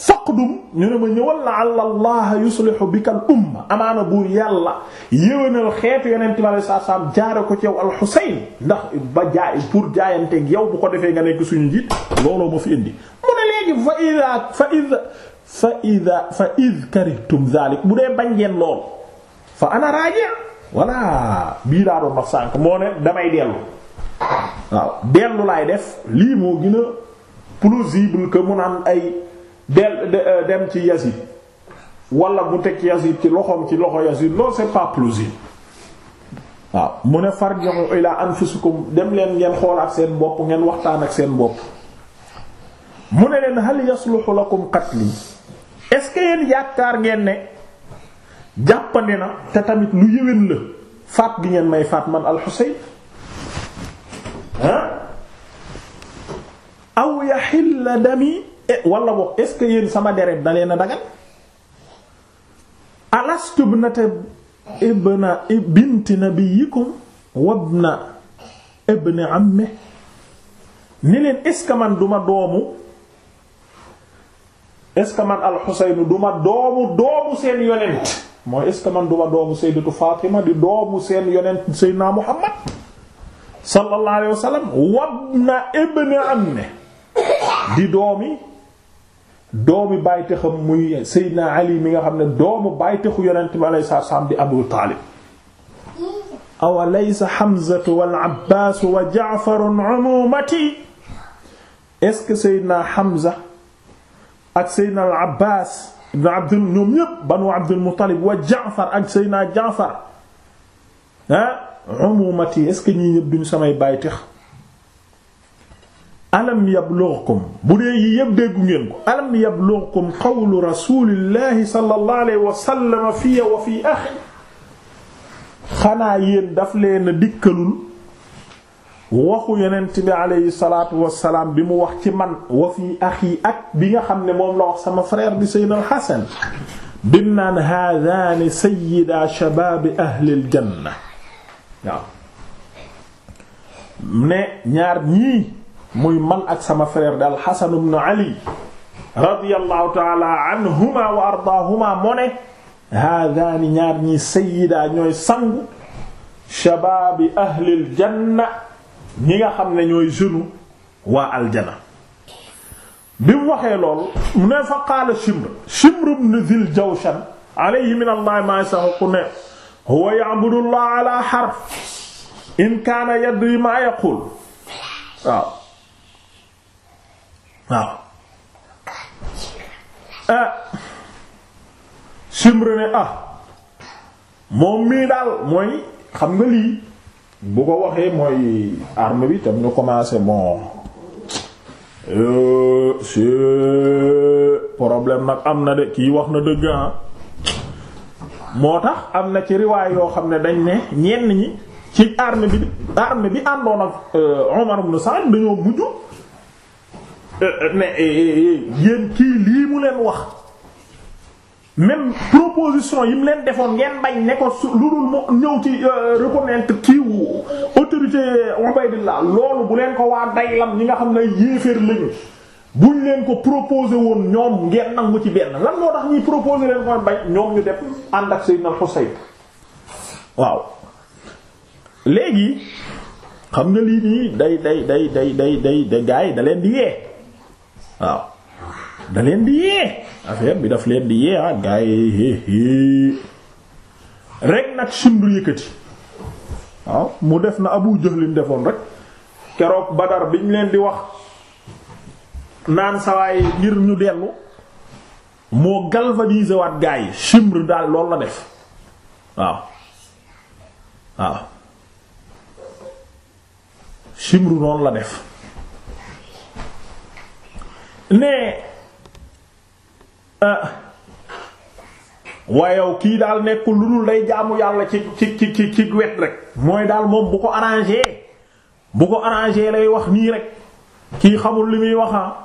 faqdum ñu ne ma ñëwal la allah yuslihu bika al umma amaana buur yàlla yéwénal xeet yonent bi alayhi salaatu salaam jaare ko ci yow al Xuseyn ndax ba jaay jaayanteeg yow bu ko defee nga nekk suñu njiit looloo ma fi indi mu ne léegi fa ida fa ida fa ida fa id karihtum zalik bu dee bañ ngeen lool fa ana raaji voilà bii daa doon wax sànk moo ne damay dellu waaw dellu laay def lii moo gën a plausible que mu naan ay Euh, dem ci Yazid wala bu teg Yazid ci loxoom ci loxo Yazid loolu c'est pas waaw mu ne farji'u ila anfusikum dem leen ngeen xoolaat seen bopp ngeen waxtaan ak seen bopp mu ne leen hal yasluhu lakum qatli est-ce que yaakaar ngeen ne jàppandi na te tamit lu yéwén la faat gi ngeen may faat man al aw yaxilla dami Eh, wala boog est-ce que yéen sama deret dalee na dagal alastu ibnata ibna binti nabiyikum wabna ibni amme ni leen est que man duma doomu est-ce que man alxuseynu duma doomu doomu seen yonent mooy est man duma doomu sayyidatu Fatima di doomu seen yonent sayyidina Muhammad sallallahu alayhi wa sallam wabna ibni amme di doomi doomi bàytëxam muy Seydina Ali mi nga xam ne doomu bàytëxu yonent bi alayhi salaatu salaam di Abu Taalib awalaysa Hamzatu wal Abbaas wa Ja'farun umuumati est-ce que Seydina Hamza ak Seydina al Abbaas ibn Abdul ñoom ñépp banu Abdul Muttalib wa Ja'far ak Seydina Ja'far ah umuumati est-ce que ñii samay bàytëx alam yablugkum bu dee yi yëpp déggu ngeen ko alam yablugkum qawlu rasulillahi sallallahu alayhi wa sallam fiya wa fi axi xanaa yéen daf leen dikkalul waxu yeneen bi alayhi salaatu wasalaam bi mu wax ci man wa fi axi ak bi nga xam ne moom la wax sama frère bi sayyid al hasan bim naan haadaani sayyida shabaabi ahlil janna waaw ne ñaar ñii muy man ak sama frère daal Hasan ibn Ali radiyallahu taala anhuma wa ardaahuma moo ne haadaani ñaar ñi sayida ñooy sangu shabaabi ahlil janna ñi nga xam ne ñooy jeune waa aljana bi mu waxee loolu mu ne fa qaala Shimr Shimr ibn Dhil Jawshan alayhi min allah ma yasaqu ne huwa ya'budu allah ala harf in kaana yadri ma yaqul waaw waaw ah. ah. simre ne ah moom mii daal mooy xam nga lii bu ko waxee mooy arme bi tam ñu commencé bon euh, c'est problème nag am na de kii wax na dëgg ah moo tax am na ci riwaay yoo xam ne dañ ne ñenn ñi ci arme bi arme bi àndoon ak Umar euh, ibn Sa'd dañoo mujj Euh, mais yéen kii lii mu leen wax même proposition yi mu leen defoon ngeen bañ ne ko su lu dul mu ñëw ci euh, reconnaître kii autorité Ubaydillah loolu bu leen ko waa daylam ñi nga xam ne yéeféer lañu buñ leen ko proposé woon ñoom ngeen nangu ci benn lan moo tax ñuy proposé leen ko bañ ñoom ñu def ànd ak Sayyidna Husayn waaw léegi xam nga lii nii day day day day day day day gaay da leen di yee waaw da leen di yee affaire bi daf leen di yee ah gars yi rek nag Shimr yëkkati waaw mu def na Abu Jahl defoon rek keroog Badar biñ leen di wax naan sawaay ngir ñu dellu moo galvaniser waat gars yi Shimr daal loolu la def waaw waaw Shimr noonu la def. mais euh, waayow kii daal nekkul lu dul day jaamu yàlla ci ci ci ci wet rek mooy daal moom bu ko arrangé bu ko arrangé lay wax nii rek kii xamul li muy wax ah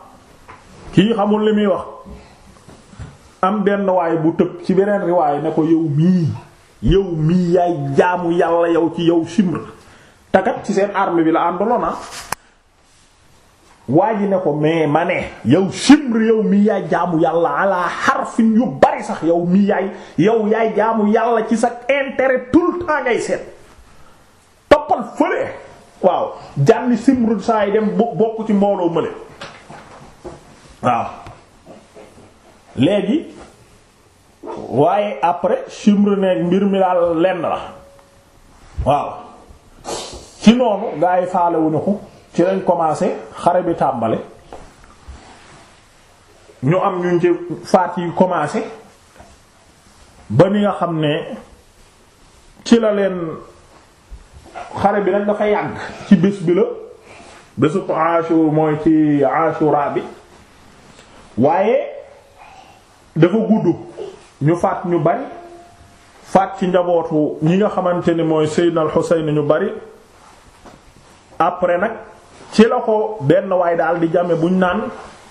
kii li muy wax am benn waay bu tëb ci beneen riwaay ne ko yow mii yow mii yaay jaamu yàlla yow ci yow simr takat ci seen arme bi la àndaloon ah. waa ji ne ko mais ma ne yow Shimr yow mi yaay jaamu yàlla ala harfin yu bari sax yow mi yaay yow yaay jaamu yàlla ci sa intérêt tout le temps ngay seet toppal fële waaw jànni Simru saa yi dem bokk ci mbooloo mële waaw léegi waaye après Shimr ne mbir mi daal lenn la waaw ci noonu gaa yi faale ne ko ci lañ commencé xare bi tàmbale ñu am ñu ci faat yi commencé ba ni nga xam ne ci la leen xare bi nag dafa yàgg ci bés bi la bésu Ashura mooy ci Ashura bi waaye dafa gudd ñu faat ñu bari faat ci njabootu ñi nga xamante ni mooy Seydina al Xuseyn ñu bari après nag ci la benn waay daal di jame buñ naan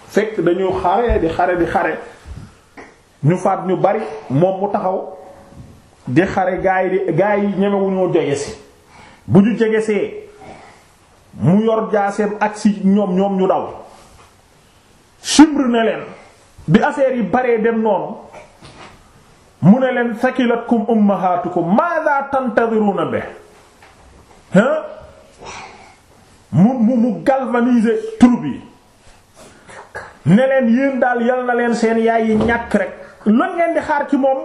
fekk dañuy xare di xare di xare ñu faat ñu bari moom mu taxaw di xare gaay di gaay yi ñemewuñoo jege si bu ñu jegesee mu yor jaaseem ak ñoom ñoom ñu daw simbre ne leen bi affaire yi baree dem noonu mu ne leen sakilatkum ummahatukum madha tantadiruna be hein mu mu mu galvaniser troupe yi ne leen yéen daal yal na leen seen yaay yi ñàkk rek lan ngeen di xaar ci moom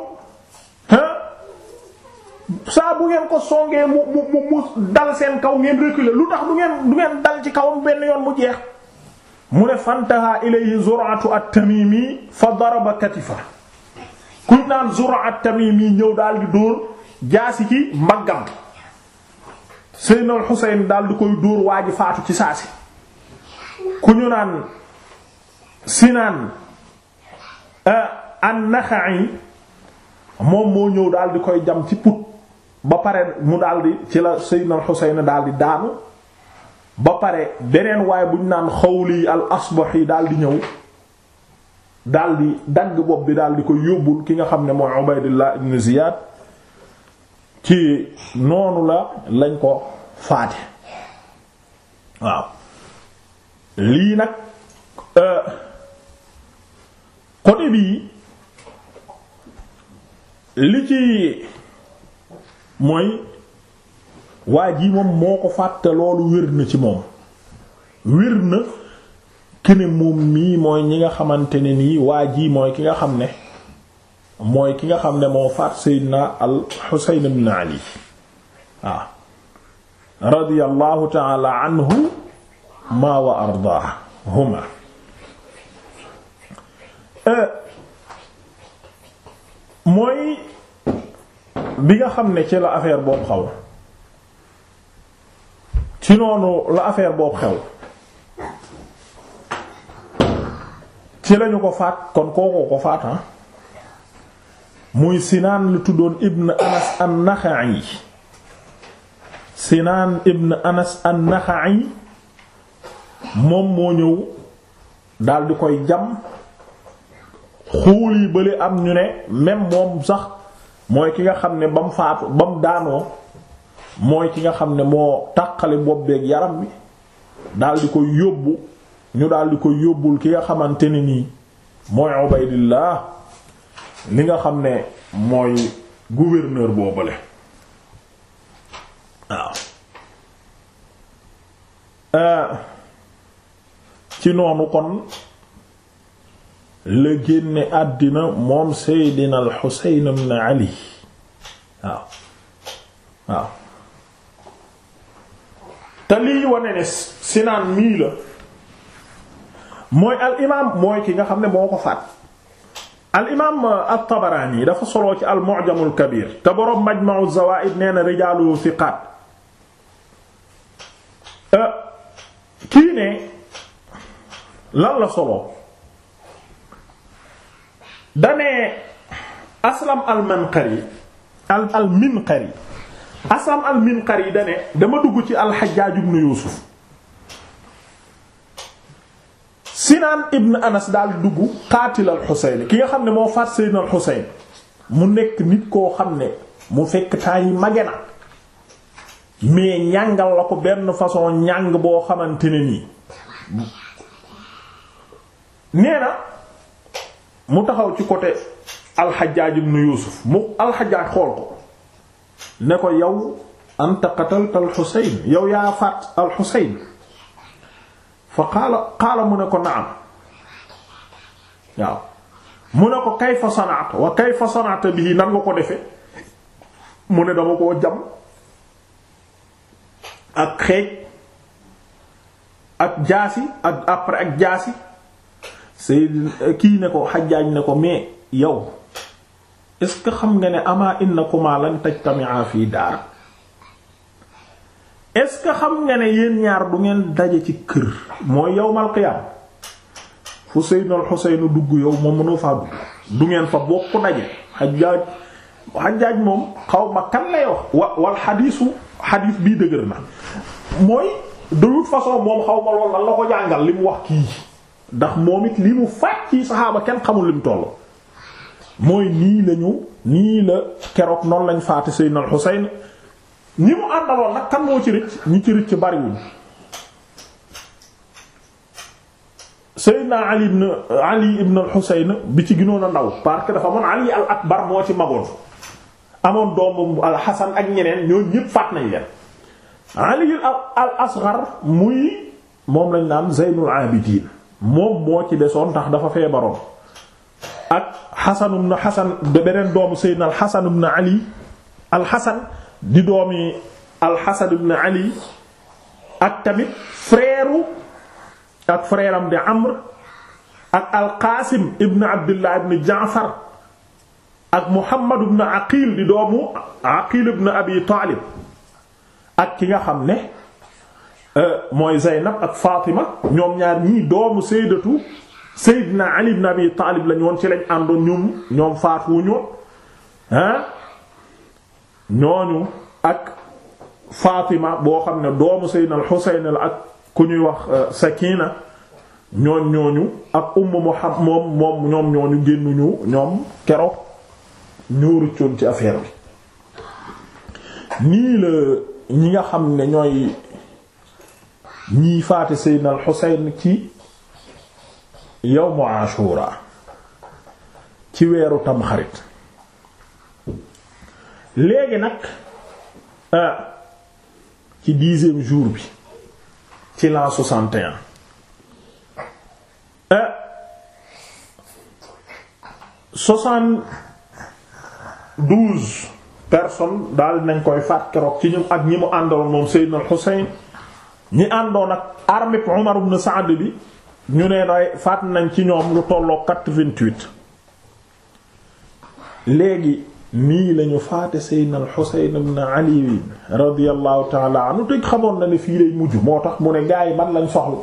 saa bu ngeen ko songee mu mu mu dal seen kaw ngeen reculer lu tax du ngeen du ngeen dal ci kawam benn yoon mu jeex mu ne fantaha ilayhi zur'atu at-tamimi fa daraba katifa kuñ naan zur'a at-tamimi ñëw daal di dóor jaasi ci mbaggam Seydina al Xuseyn daal di koy dóor waa ji faatu ci saasi ku ñu naan Sinaan an-Naxa'i moom moo ñëw daal di koy jam ci put ba pare mu daldi di ci la Seydina al Xuseyn daal daanu ba pare beneen waaye bu ñu naan Xawli al Asbahi daal di ñëw daal di dagg bopp bi daal di koy yóbbul ki nga xam ne mooy Ubaydullah ibn Ziyad ci noonu la lañ ko faate waaw lii nag euh, côté bii li ci mooy waa ji moom moo ko fàtte loolu wér na ci moom wér na kene moom mii mooy ñi nga xamante ne nii waa ji mooy ki nga xam ne mooy ki nga xam ne moo faat Seydina al Xuseyn ibn Ali waaw radiyallahu taala anhu ma wa ardaahuma mooy bi nga xam ne ci la affaire boobu xaw ci noonu la affaire boobu xew ci lañu ko faat kon kookoo ko faat ah. muy sinaan lu tuddoon ibn anas an-Naxa'i sinaan ibn anas an moom moo ñëw dal di koy jam xuul yi bële am ñu ne même moom sax mooy ki nga xam ne ba mu faatu ba mu daanoo mooy ki nga xam ne moo tàqali bopp beek yaram bi dal di koy yóbbu ñu dal di koy yóbbul ki nga xamante ni nii mooy Ubaydillah li nga xam ne mooy gouverneur boobale waaw euh, ci noonu kon la génne àddina moom Seydina al-Husayn ibn Ali waaw waaw te lii wane ne Sinaan mii la mooy al mooy ki nga xam ne moo ko faat al imaam at-Tabaraani dafa soloo ci al-Mu'jam al-Kabir te boroom Majma'u az-Zawaa'id nee na rijaalu thiqaat euh, kii ne lan la soloo danee Aslam al-Minqari al al-Minqari Aslam al-Minqari dane dama dugg ci al-Hajjaaj ibn Yuusuf Sinaan ibn Anas daal dugg qaatil al ki nga xam ne moo faat Seydina al Xuseyn mu nekk nit koo xam ne mu fekk temps yi mage na mais ñàngal la ko benn façon ñàng boo xamante ne nii nee na mu taxaw ci côté alxajaaj ibn Yuusuf mu alxajaaj xool ko ne ko yow anta qatalta al Xuseyn yow yaa faat al fa qaala qaala mu ne ko am waaw mu ne ko kayfa sana'ta wa kayfa sana'ta bihi nan nga ko defee mu ne dama koo jam ak xeej ak jaasi ak après ak jaasi say kii ne ko xajaaj ne ko mais yow est-ce que xam nga ne ama innakuma lan tajtami'a fii daar est-ce que xam nga ne yéen ñaar du ngeen daje ci kër mooy yawmal qiyaam fu Seydina al dugg yow moom mënoo faa dugg du ngeen fa bokk daje Hajjaaj Hajjaaj moom xaw ma kan lay wax wa wal xadiisu xadiis bii dëgër na mooy de façon moom xaw ma lool lan la ko jàngal li mu wax kii ndax moom it li mu faat saxaaba kenn xamul li mu mooy nii lañu nii la keroog noonu lañ faati Seydina al-Husayn ñi mu àndaloon nag kan moo ci rëcc ñi ci rëcc bariwuñ Seydina Ali ibn Ali ibn al bi ci ginoon a ndaw parce que dafa moon Ali al-Akbar moo ci magoon amoon doomu al ak ñeneen ñooñ ñëpp faat nañ leen Ali al-Asghar muy moom lañ naan Zeynul Abidin moom moo ci desoon tax dafa feebaroon ak Hasan ibn Hasan beneen doomu seyna al-Hasan Ali al di doomi alxasan ibn ali ak tamit frère ak frère di amr ak alqaasim ibn abdullah ibn jaafar ak muhammad ibn aqil di doomu aqil ibn abi taalib ak ki nga xam ne euh, mooy zeynab ak fatima ñoom ñaar ñii doomu sayyidatu sayyidina ali ibn abi taalib lañ ci lañ àndoon ñoom ñoom faatuwuñu ah ñooñu ak Fatima boo xam ne doomu Sayyidina al-Husayn la ak ku ñuy wax euh, Sakina ñooñ ñooñu ak Ummu Muhammad moom moom ñoom ñooñu génnuñu ñoom keroog ñoo rëccoon ci affaire bi nii la ñi nga xam ne ñooy ñii faate Sayyidina al-Husayn ci yawmu Ashura ci weeru Tamxarit léegi nag euh, ci dixième jour bi ci la soixante et un euh, soixante-douze personnes daal nañ koy faat keroog ci ñu ak ñi mu àndaloon moom Seydina al-Husayn ñi àndoon ak armée Umar ibn Sa'd bi ñu ne day faat nañ ci ñoom lu tolloo quatre léegi mii lañu faate seydna al Xuseyn ibn Ali radiyallahu taala anhu tëj xamoon na ne fii lay mujj moo tax mu ne gaa man lañ soxla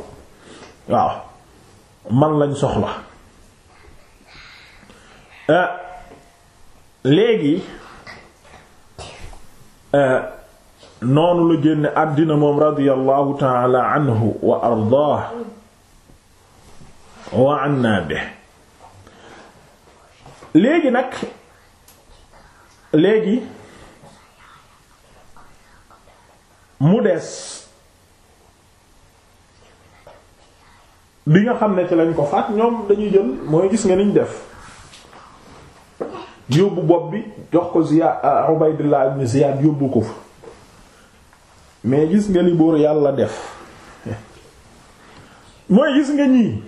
waaw lañ soxla euh, léegi euh, noonu la génn àddina moom radiyallahu taala anhu wa ardaah wa anna léegi nag léegi mu des bi nga xam ne ci lañ ko faat ñoom dañuy jël mooy gis nga niñ def yóbbu bopp bi jox ko Ziyaad euh, Ubaydillah ibn Ziyaad yóbbu ko fa mais gis nga li bóor yàlla def mooy gis nga ñii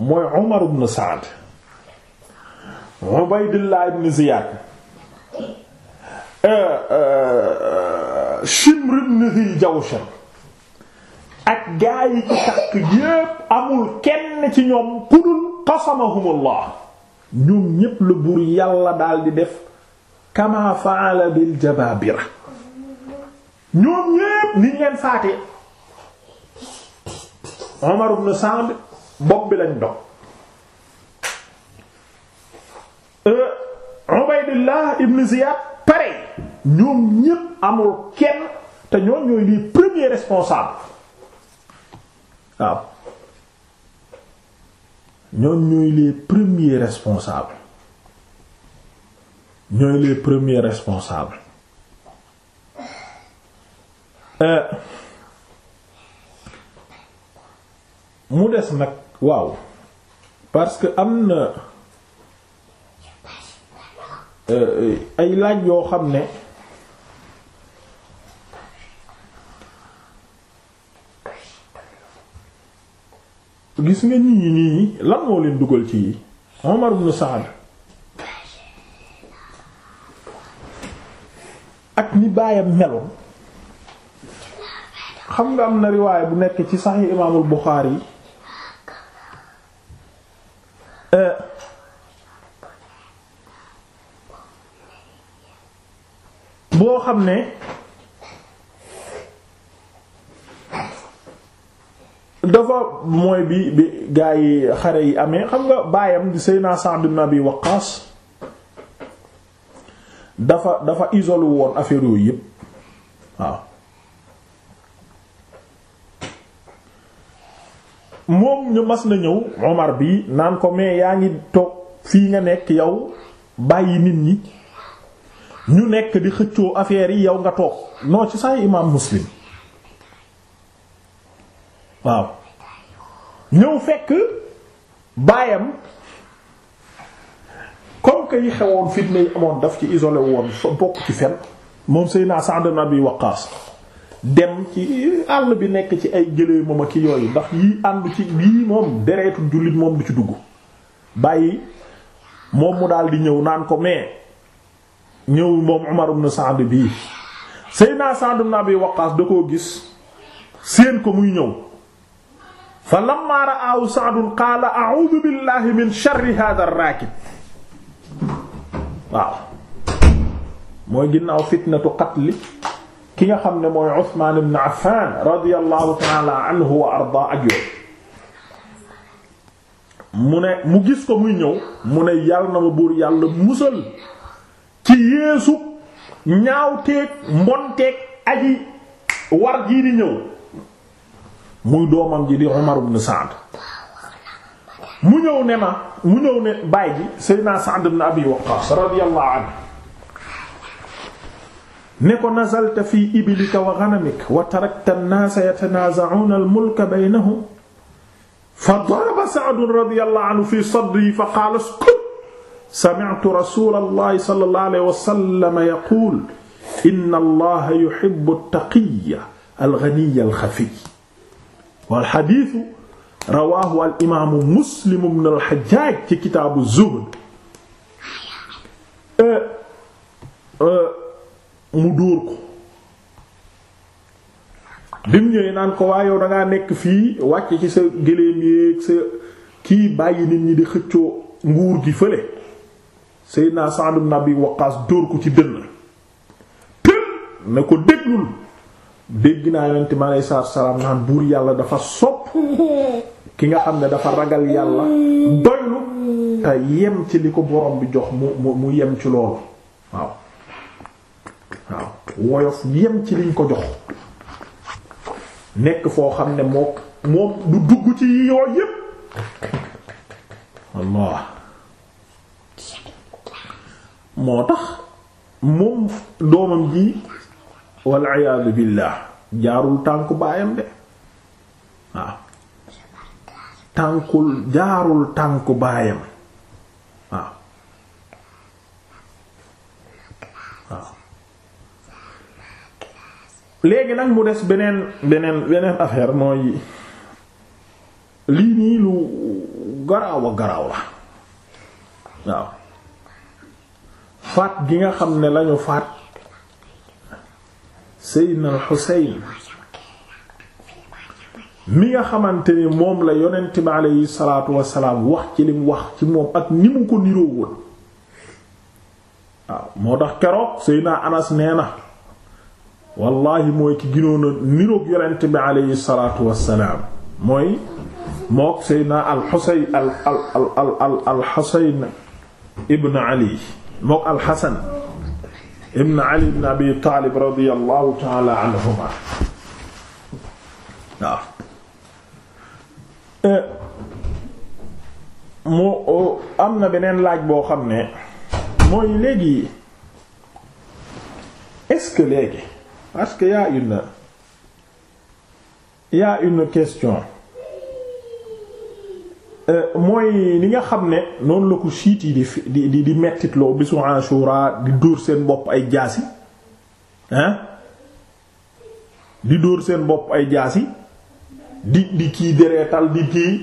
mooy Umar ibn Saad Ubaydillah ibn Ziyad euh, euh, Shimr ibn Dhi Jawshan ak gaa yi ci takk yépp amul kenn ci ñoom ku dul qasamahumullah ñoom ñépp la buur yàlla daal di def kama faala bil jabaabira ñoom ñépp niñ leen faate Umar ibn Sa'd bopp bi lañ dox Euh, Ubaydullah ibn Ziyad pareil ñoom ñépp amul kenn te ñoom ñooy les premiers responsables waaw ñoom ñooy les premier responsables ñooy les premiers responsables euh, mu des nag waaw parce que am na Euh, ay laaj yoo xam ne gis nga ñii nii lan moo leen dugal ci yi Omar ibn Saad ak ni baayam meloon xam nga am na riwaay bu nekk ci Sahih Imaamul Bukhari xam ne dafa mooy bi bi gaa yi xare yi amee xam nga baayam di Seydina Sa'd ibn Abi Waqqas dafa dafa isolé woon affaire yooyu yépp waaw moom ñu mas na ñëw Omar bi naan ko mais yaa ngi toog fii nga nekk yow bàyyi nit ñi ñu nekk di xëccoo affaire yi yow nga toog noo ci say imaam muslim waaw ñëw fekk baayam comme que yi xewoon fitna yi amoon daf ci isolé woon bokk ci fen moom Seydina Sa'd ibn bi Waqqas dem ci àll bi nekk ci ay gëlee moom ak yooyu ndax yii ànd ci yii moom dereetu jullit moom du ci dugg bàyyi moom mu daal di ñëw naan ko mais ñëw moom Umar ibn Sa'd bii Seydina Sa'd ibn Abi da koo gis séen ko muy ñëw fa lamma ra'ahu Sa'd qaala a'uudu billahi min sharri haadha raakib waaw mooy ginnaaw fitnatu qatli ki nga xam ne mooy Usmaan ibn Affaan radiyallahu ta'ala anhu wa ardaa ak mu ne mu gis ko muy ñëw mu ne yàlla na ma buur yàlla musal ci yeesu ñaawteeg mbonteeg aji war jii di ñëw muy doomam ji di Umar ibn Sa'd mu ñëw ne ma mu ñëw ne baay ji Seydina Sa'd ibn Abi Waqqas radiyallahu anhu ne ko nazalta fi iblika wa ghanamik wa tarakta an-nas yatanaza'una al-mulka baynahum fa daraba Sa'd radiyallahu anhu fi sadri fa qala sami'tu rasulallahi sallallahu alayhi wa sallam yaqul inna allaha yuhibbu at-taqiyya al-ghaniyya al-khafiyya wal hadith rawahu al imaamu muslim ibn al-hajjaj ci kitaabu zuhd mu dóor ko bim ñëwee naan ko waa yow da ngaa nekk fii wàcc ci sa gëléem yéeg sa kii bàyyi nit ñi di xëccoo nguur gi fële Seydina naa ibn Abi Waqqas dóor ko ci dënn tël na ko déglul dégg naa yonent mi aleyhi salaatu naan buur yàlla dafa sopp ki nga xam ne dafa ragal yàlla doylu te yem ci li ko borom bi jox mu mu mu yem ci loolu waaw woyof yem ci liñ ko jox nekk foo xam ne moo moom du dugg ci yooyu yépp Allah moo tax moom doomam ji wal iyaadu billaah jaarul tànku baayam de waaw tànkul jaarul tànku baayam waaw waaw léegi nag mu des beneen beneen beneen affaire mooy lii nii lu garaaw a garaaw la waaw faat gi nga xam ne lañu faat Seydina al-Xuseyn mi nga xamante ni moom la yonent bi aleyhi salaatu wasalaam wax ci lim wax ci moom ak ni mu ko niroo moo tax keroog Seydina Anas nee na wallaahi mooy ki ginoon a niroog yonent bi aleyhi salaatu wasalaam mooy mook Seydina al al al al al al Xuseyn ibn Ali mook alxasan ibn ali ibn abi taalib radiallahu taala anhuma waaw eh, mu am na beneen laaj boo xam ne mooy léegi est-ce que léegi parce que ya a une question Euh, mooy li nga xam ne noonu la ko siit yi di di di mettitloo bisu Ashura di dóor seen bopp ay jaasi hein di dóor seen bopp ay jaasi di di kii dereetal di kii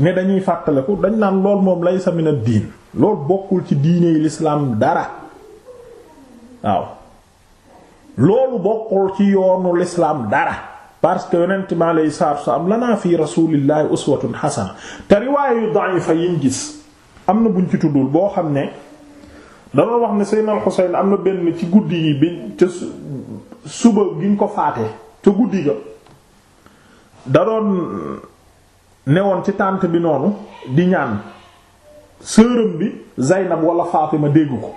ne dañuy fàttaliku dañ naan lool moom lay sa mina diin lool bokkul ci diiney lislaam dara waaw loolu bokkul ci yoonu lislaam dara parce que yonent mi alayhi salaatu wassalaam lanaa fi rasuulillaahi uswatun hasana te riwaaya yu da'ifa yiñ gis am na buñ ci tuddul boo xam ne danoon wax ne Seydina al am na benn ci guddi yi bi ca suba giñ ko faatee ca guddi ga da doon newoon ci tànt bi noonu di ñaan sërëm bi Zaynab wala Fatima dégg ko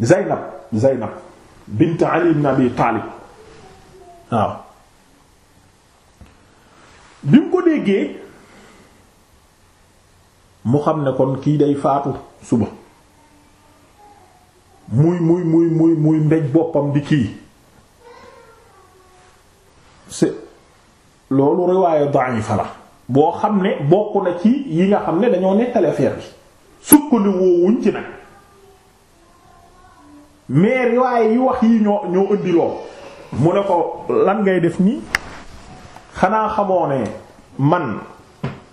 Zaynab Zaynab bint Ali ibn Abi waaw bi mu ko déggee mu xam ne kon kii day faatu suba muy muy muy muy muy mbéj boppam di kii c'est loolu riwaaye da'ifa la boo xam ne bokk na ci yi nga xam ne dañoo nettali affaire bi sukkali woowuñ ci nag mais riwaaye yi wax yi ñoo ñoo indi lool mu ne ko lan ngay def nii xanaa xamoo man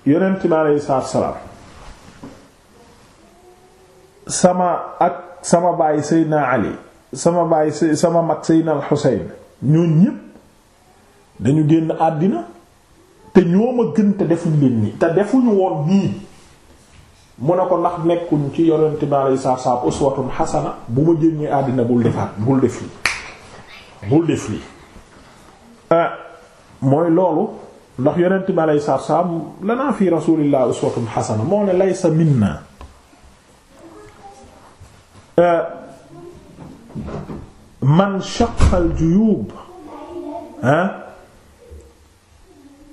yonent mi aleyhi salaatu salaam sama ak sama baay Seydina Ali sama baay sama mag Seydina al Xuseyn ñooñ ñépp dañu génn àddina te ñoo ma gën te defuñ leen nii te defuñu woon nii mu ne ko ndax nekkuñ ci yonent mi aleyhi salaatu salaam uswatun xasana bu ma génnee àddina bul defaat bul def lii bul def lii ah. mooy loolu ndax yonent bi aleyhi salaatu salaam lanaa fi rasuulillah uswatun hasana moo ne laysa minna eh, man shaqqa al-juyuub eh,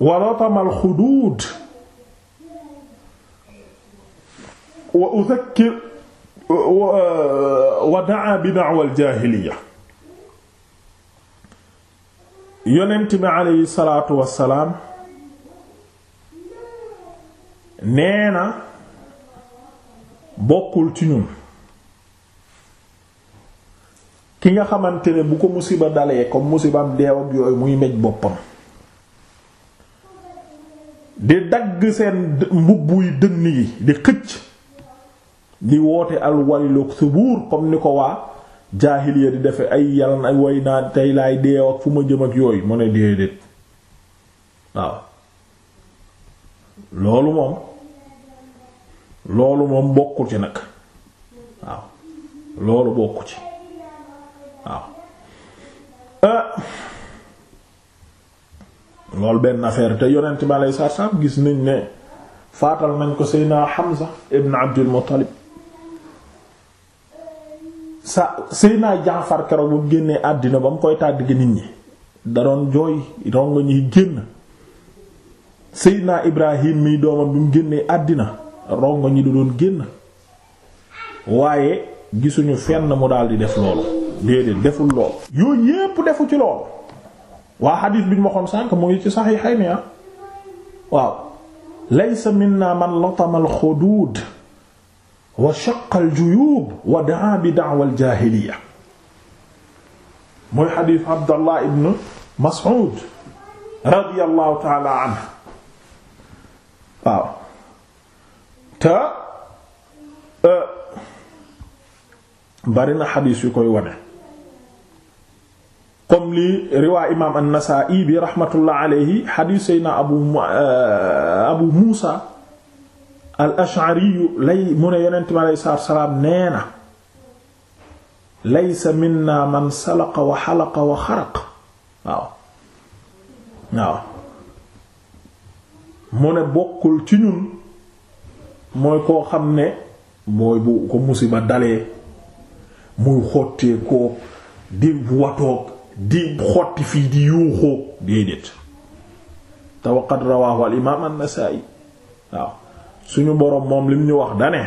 wa latama al-xuduud wa udhakkir wa da'a bi da'wa al-jaahiliyya yonent bi aleyhi salaatu wassalaam nee na bokkul ci ñun ki nga xamante ne bu ko musiba dalee comme musibam deew yooyu muy mej boppam di dagg seen mbubbuy dënn yi di xëcc di woote alwaliloog sa buur comme ni ko waa jaahiliya di defe ay yalan ay way naa tey laay deew fu ma jëm ak yooyu mu ne déedéet waaw loolu moom loolu moom bokku ci nag waaw loolu bokku ci waaw ah. loolu benn affaire te yonent bi aleyhi salaatu salaam gis nañ ne faatal nañ ko Seydina Hamza ibn Abdul Muttalib sa Seydina Jaafar keroog ba mu génnee àddina ba mu koy tàdd gi nit ñi da doon jooy rongo ñuy génn Seydina Ibrahim mi doomam bi mu génnee àddina rongo ñi da doon génn waaye gisuñu fenn mu daal di def loolu déedéet deful loolu yooyu yépp defu ci loolu waa xadiis bi ñu waxoon sànk mu ngi ci saxiixayni ah. waaw laysa minna man lotama xuduud wa shaqqa al-juyuub wa daa bi da'wa al-jaahiliya mooy xadiis Abdallah ibn Mas'ud radiyallahu ta'ala anhu waaw te e, bari na xadiis yu koy wane comme li riwaa imaam an-Nasaa'i bi raxmatullah alayhi xadiis Seydina Abu e, Abu Muusa al ashariyu lay mu ne yonent bi aleyhi salaam nee na laysa minna man salaqa wa xalaqa wa xaraq waaw waaw mu ne bokkul ci ñun mooy koo xam ne mooy bu ko musiba dalee muy xottee koog di watoog di xotti fii di yuuxóog déedéet te waqad rawaahu al imaam waaw suñu boroom moom lim ñu wax dane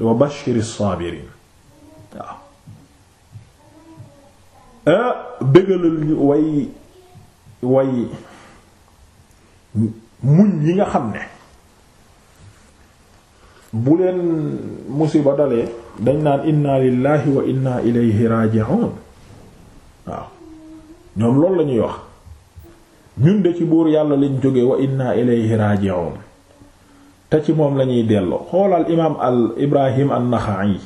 wa bashiri saabiriin waaw eh, bëggalal ñu way way muñ yi nga xam ne bu leen musiba dalee dañ naan inna lillahi wa inna ilayhi raji'un waaw ñoom loolu la ñuy wax ñun de ci buur yàlla lañ jóge wa inna ilayhi raji'un te ci moom lañuy delloo xoolal imaam al ibrahim an-Naxa'i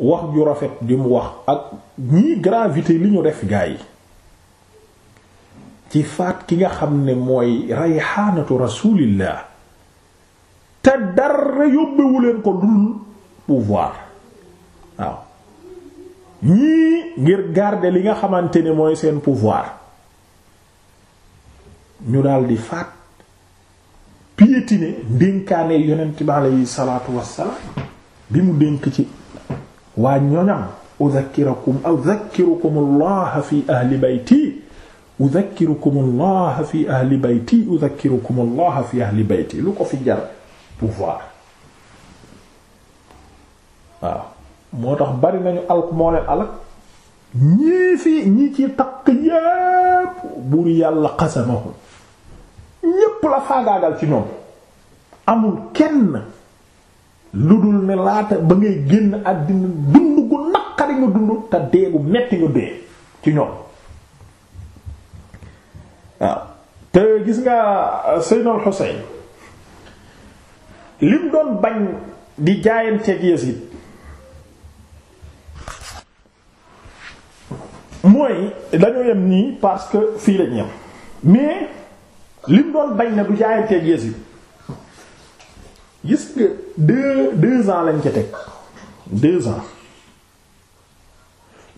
wax ju rafet ju mu wax ak ñii gravité li ñu def gaa yi ci faat ki nga xam ne mooy rayxaanatu rasulillah te dara yóbbewuleen ko dul pouvoir waaw ñii ngir garde li nga xamante ne mooy seen pouvoir ñu daldi faat piétiner dénkaane yonent bi aleyhi salaatu wassalaam bi mu dénk ci waa ñoñam udhakkirakum udhakkirukum allah fi ahli bayti udhakkirukum allah fi ahli bayti lu ko fi jar pouvoir waaw moo tax bari nañu alk alak ñii fi ñi ci takk yépp buur yàlla qasamahum yépp la faagaagal ci ñoom amul kenn lu dul ne laata ba ngay génn àddina dund gu naqari nga dund te dee gu metti nga dee ci ñoom waaw te gis nga euh, Seynal Xuseyn lim doon bañ di jaayanteeg Yazid mooy dañoo yem nii parce que fii lañ yem mais lim doon bañ na du jaayanteeg Yazid gis deux deux ans lañ ca teg deux ans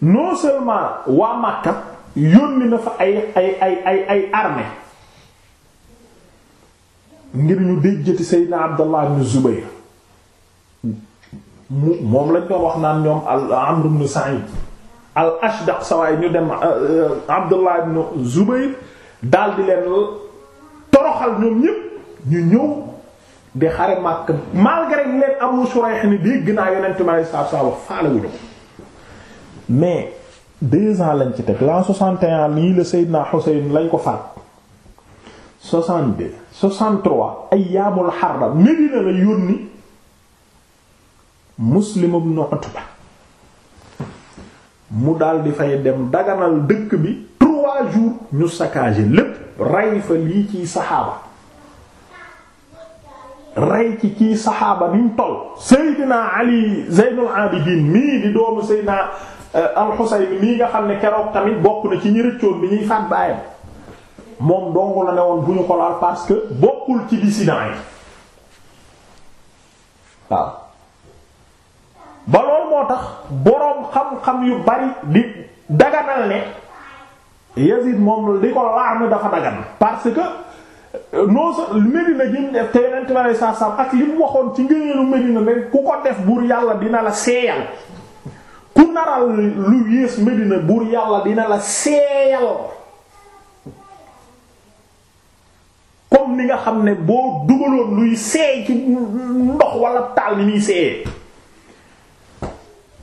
non seulement waa Makka yónni na fa ay ay ay ay ay armée ngir ñu déjjati Seydina Abdallah ibn Zubayr moom lañ doon wax naan ñoom al Amr ibn Sa'id al Ashdaq sawaay ñu dem euh, Abdallah ibn Zubayr daal leen. toroxal ñoom ñépp ñu ñëw di xare màkk malgré leen Abu Shurayh ni dégg naa yonent ma saab saab wax faalewuñu ko mais deux ans lañ ci teg l'an 61 nii la Seydina Hussein lañ ko faat 62 63 ayyaamul Harra Medina la yónni Muslim ibn Utba mu dal di fay dem daganal dëkk bi trois jours ñu saccager lépp rey fa lii ciy saxaaba rey ci ciy saxaaba ni mu toll Seydina Ali Zeynul Abidin mii di doomu Seydina euh, Al-Husayn nga xam ne keroog tamit bokk na ci ñi rëccoon bi ñuy faat baayam moom dong la ne woon bu ñu ko laal parce que bokkul ci dissident yi waaw ba loolu moo tax boroom xam-xam yu bari di daganal ne Yazid moom li ko laam dafa dagan parce que euh, non sa Medina gi def te Yonent bi alayhi salaam ak li waxoon ci ngëneelu Medina ne ku ko def buur yàlla dina la seeyal ku naral lu yées Medina buur yàlla dina la seeyal comme ni nga xam ne boo dugaloon luy seey ci ndox wala taal ni muy seeyee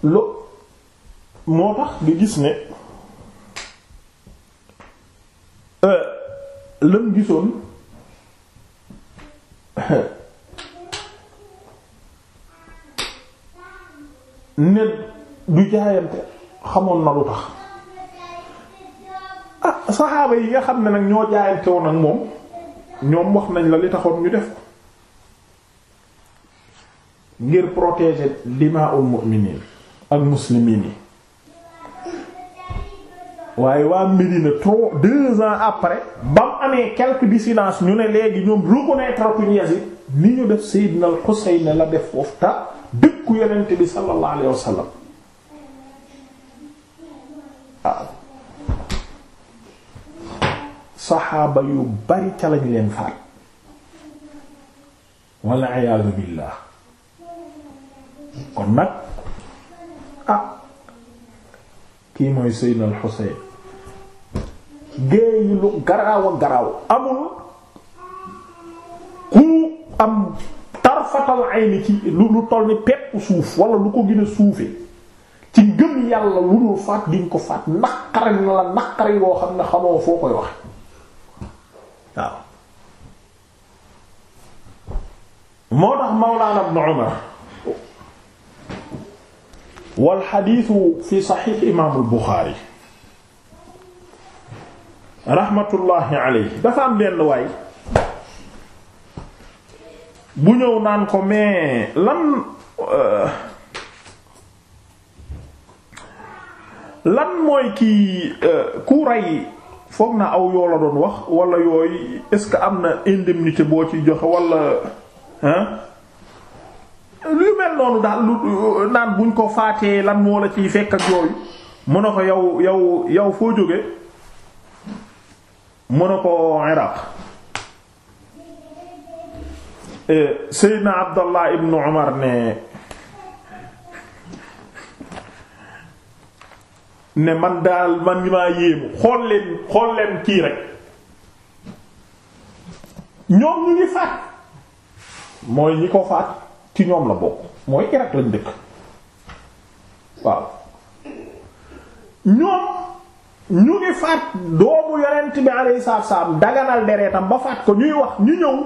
lo moo tax nga gis ne. Euh, lam gisoon ne du jaayante xamoon na lu tax ah saxaaba yi nga xam ne nag ñoo jaayante woon ak moom ñoom wax nañ la li taxoon ñu def ko ngir protéger dimaa'ul mu'miniin ak muslimiin yi waaye waa Médina trop deux ans après ba mu amee quelques dissidences ñu ne léegi ñoom reconnaître ku Yazid li ñu def Sayyidna al la def foofu ta dëkku yonent bi sallallahu alayhi wa sallam waaw ah. saxaaba yu bari ca lañ leen faat wal iyaadu billah kon nag kii mooy Seydina al géey lu garaaw a garaaw amul ku am tarfatal ayni ci lu lu toll ni pepp suuf wala lu ko gën a ci ngëm yàlla lu dul faat diñ ko faat naqari la naqari yoo xam ne xamoo foo koy wax waaw moo tax Mawlaana Ibn Umar wal xadiisu fi saxiix imaamul Buxaari raxmatullaahi alayhi dafa am benn waay bu ñëw naan ko mais lan euh, lan mooy kii euh, ku rey foog na aw yoo la doon wax wala yooyu est-ce que am na indemnité boo ci joxe walla hein lu mel noonu daal euh, naan buñ ko faatee lan moo la ciy fekk ak yooyu mu ne ko yow yow yow foo jóge mu ne ko iraq euh, seydna abdallah ibnu umar ne ne man daal man maa yéemu xool leen xool leen kii rek ñoom ñu ngi faat mooy ñi ko faat ci ñoom la bokk mooy Irak lañ dëkk waaw ñoom ñu ngi faat doomu yonent bi alayhi salaam daganal deretam ba faat ko ñuy wax ñu ñëw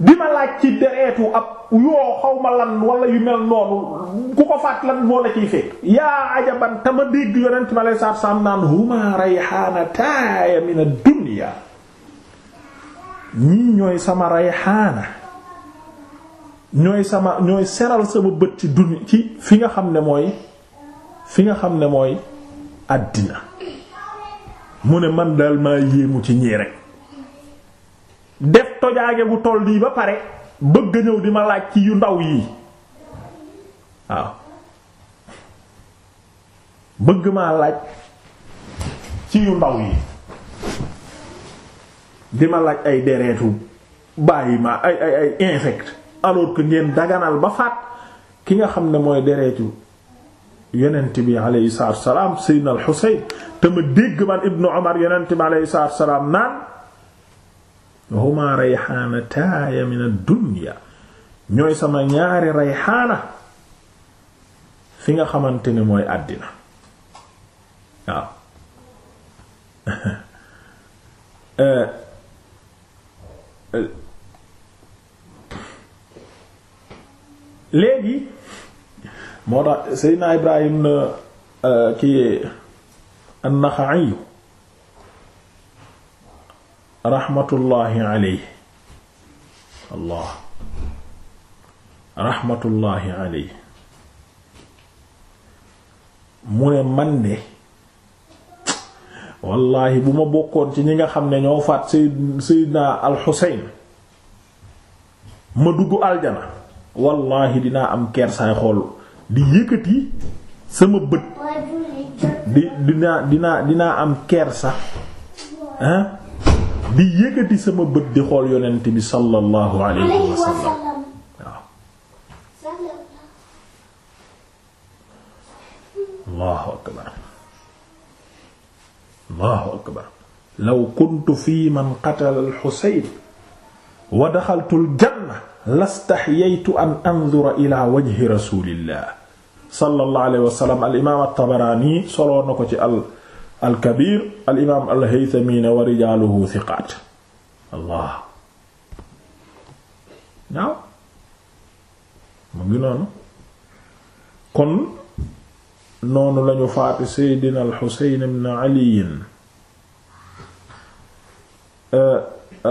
di ma laaj ci deretu ab yoo xaw lan wala yu mel noonu ku ko faat lan moo la ciy fekk yaa ajaban tama dégg yonent bi alayhi salaam naan huma rayhaanataaya mina dunya ñii ñooy sama rayhaana ñooy sama ñooy seral sama bët ci duni ci fi nga xam ne mooy fi nga xam ne mooy àddina mu ne man daal maa yéemu ci ñii rek def tojaage bu toll nii ba pare bëgg ñëw di ma laaj ci yu ndaw yii waaw bëgg maa laaj ci yu ndaw yi di ma laaj ay dereetu bàyyi ma ay ay ay infect alors que ngeen daganal ba faat ki nga xam ne mooy dereetu yonent bi alayhi salaatu wassalaam Seydina al-Husayn te ma dégg man Ibnu Umar yonent bi alayhi salaatu wassalaam naan huma rayhaanataaya min ad ñooy sama ñaari rayhaana fi nga xamante ni mooy àddina waaw eh, eh, léegi moo tax Seydina Ibrahim na euh, euh, ki an-Naxa'i raxmatullaahi Allah raxmatullaahi alayhi mu ne man de wallaahi bu ma bokkoon ci ñi nga xam ne ñoo faat Seydina al-Xuseyn ma dugg aljana wallahi dinaa am kersaay xool di yëkkati sama bët di dinaa dinaa dinaa am kersa ah di yëkkati sama bët di xool yonent bi sallallahu alayhi wa sallam waaw allahu akbar allahu akbar fi man qatala al-Husayn wa daxaltu al-janna lastaxyaytu an anzura ila wajhi rasulillah sallallahu alayhi wa sallam al imaam at-Tabaraani soloo na ko ci al al kabir al imaam al haythami wa rijaaluhu thiqaat allah waaw mu ngi noonu kon noonu lañu faati seydina al Husayn ibn Ali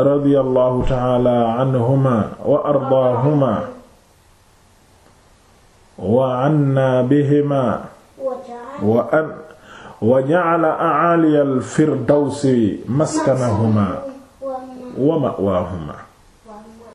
radiyallahu taala anhuma wa ardaahuma wa anna bihima wa an wa ja'ala a'aliya al-firdawsi maskanahuma wa ma'waahuma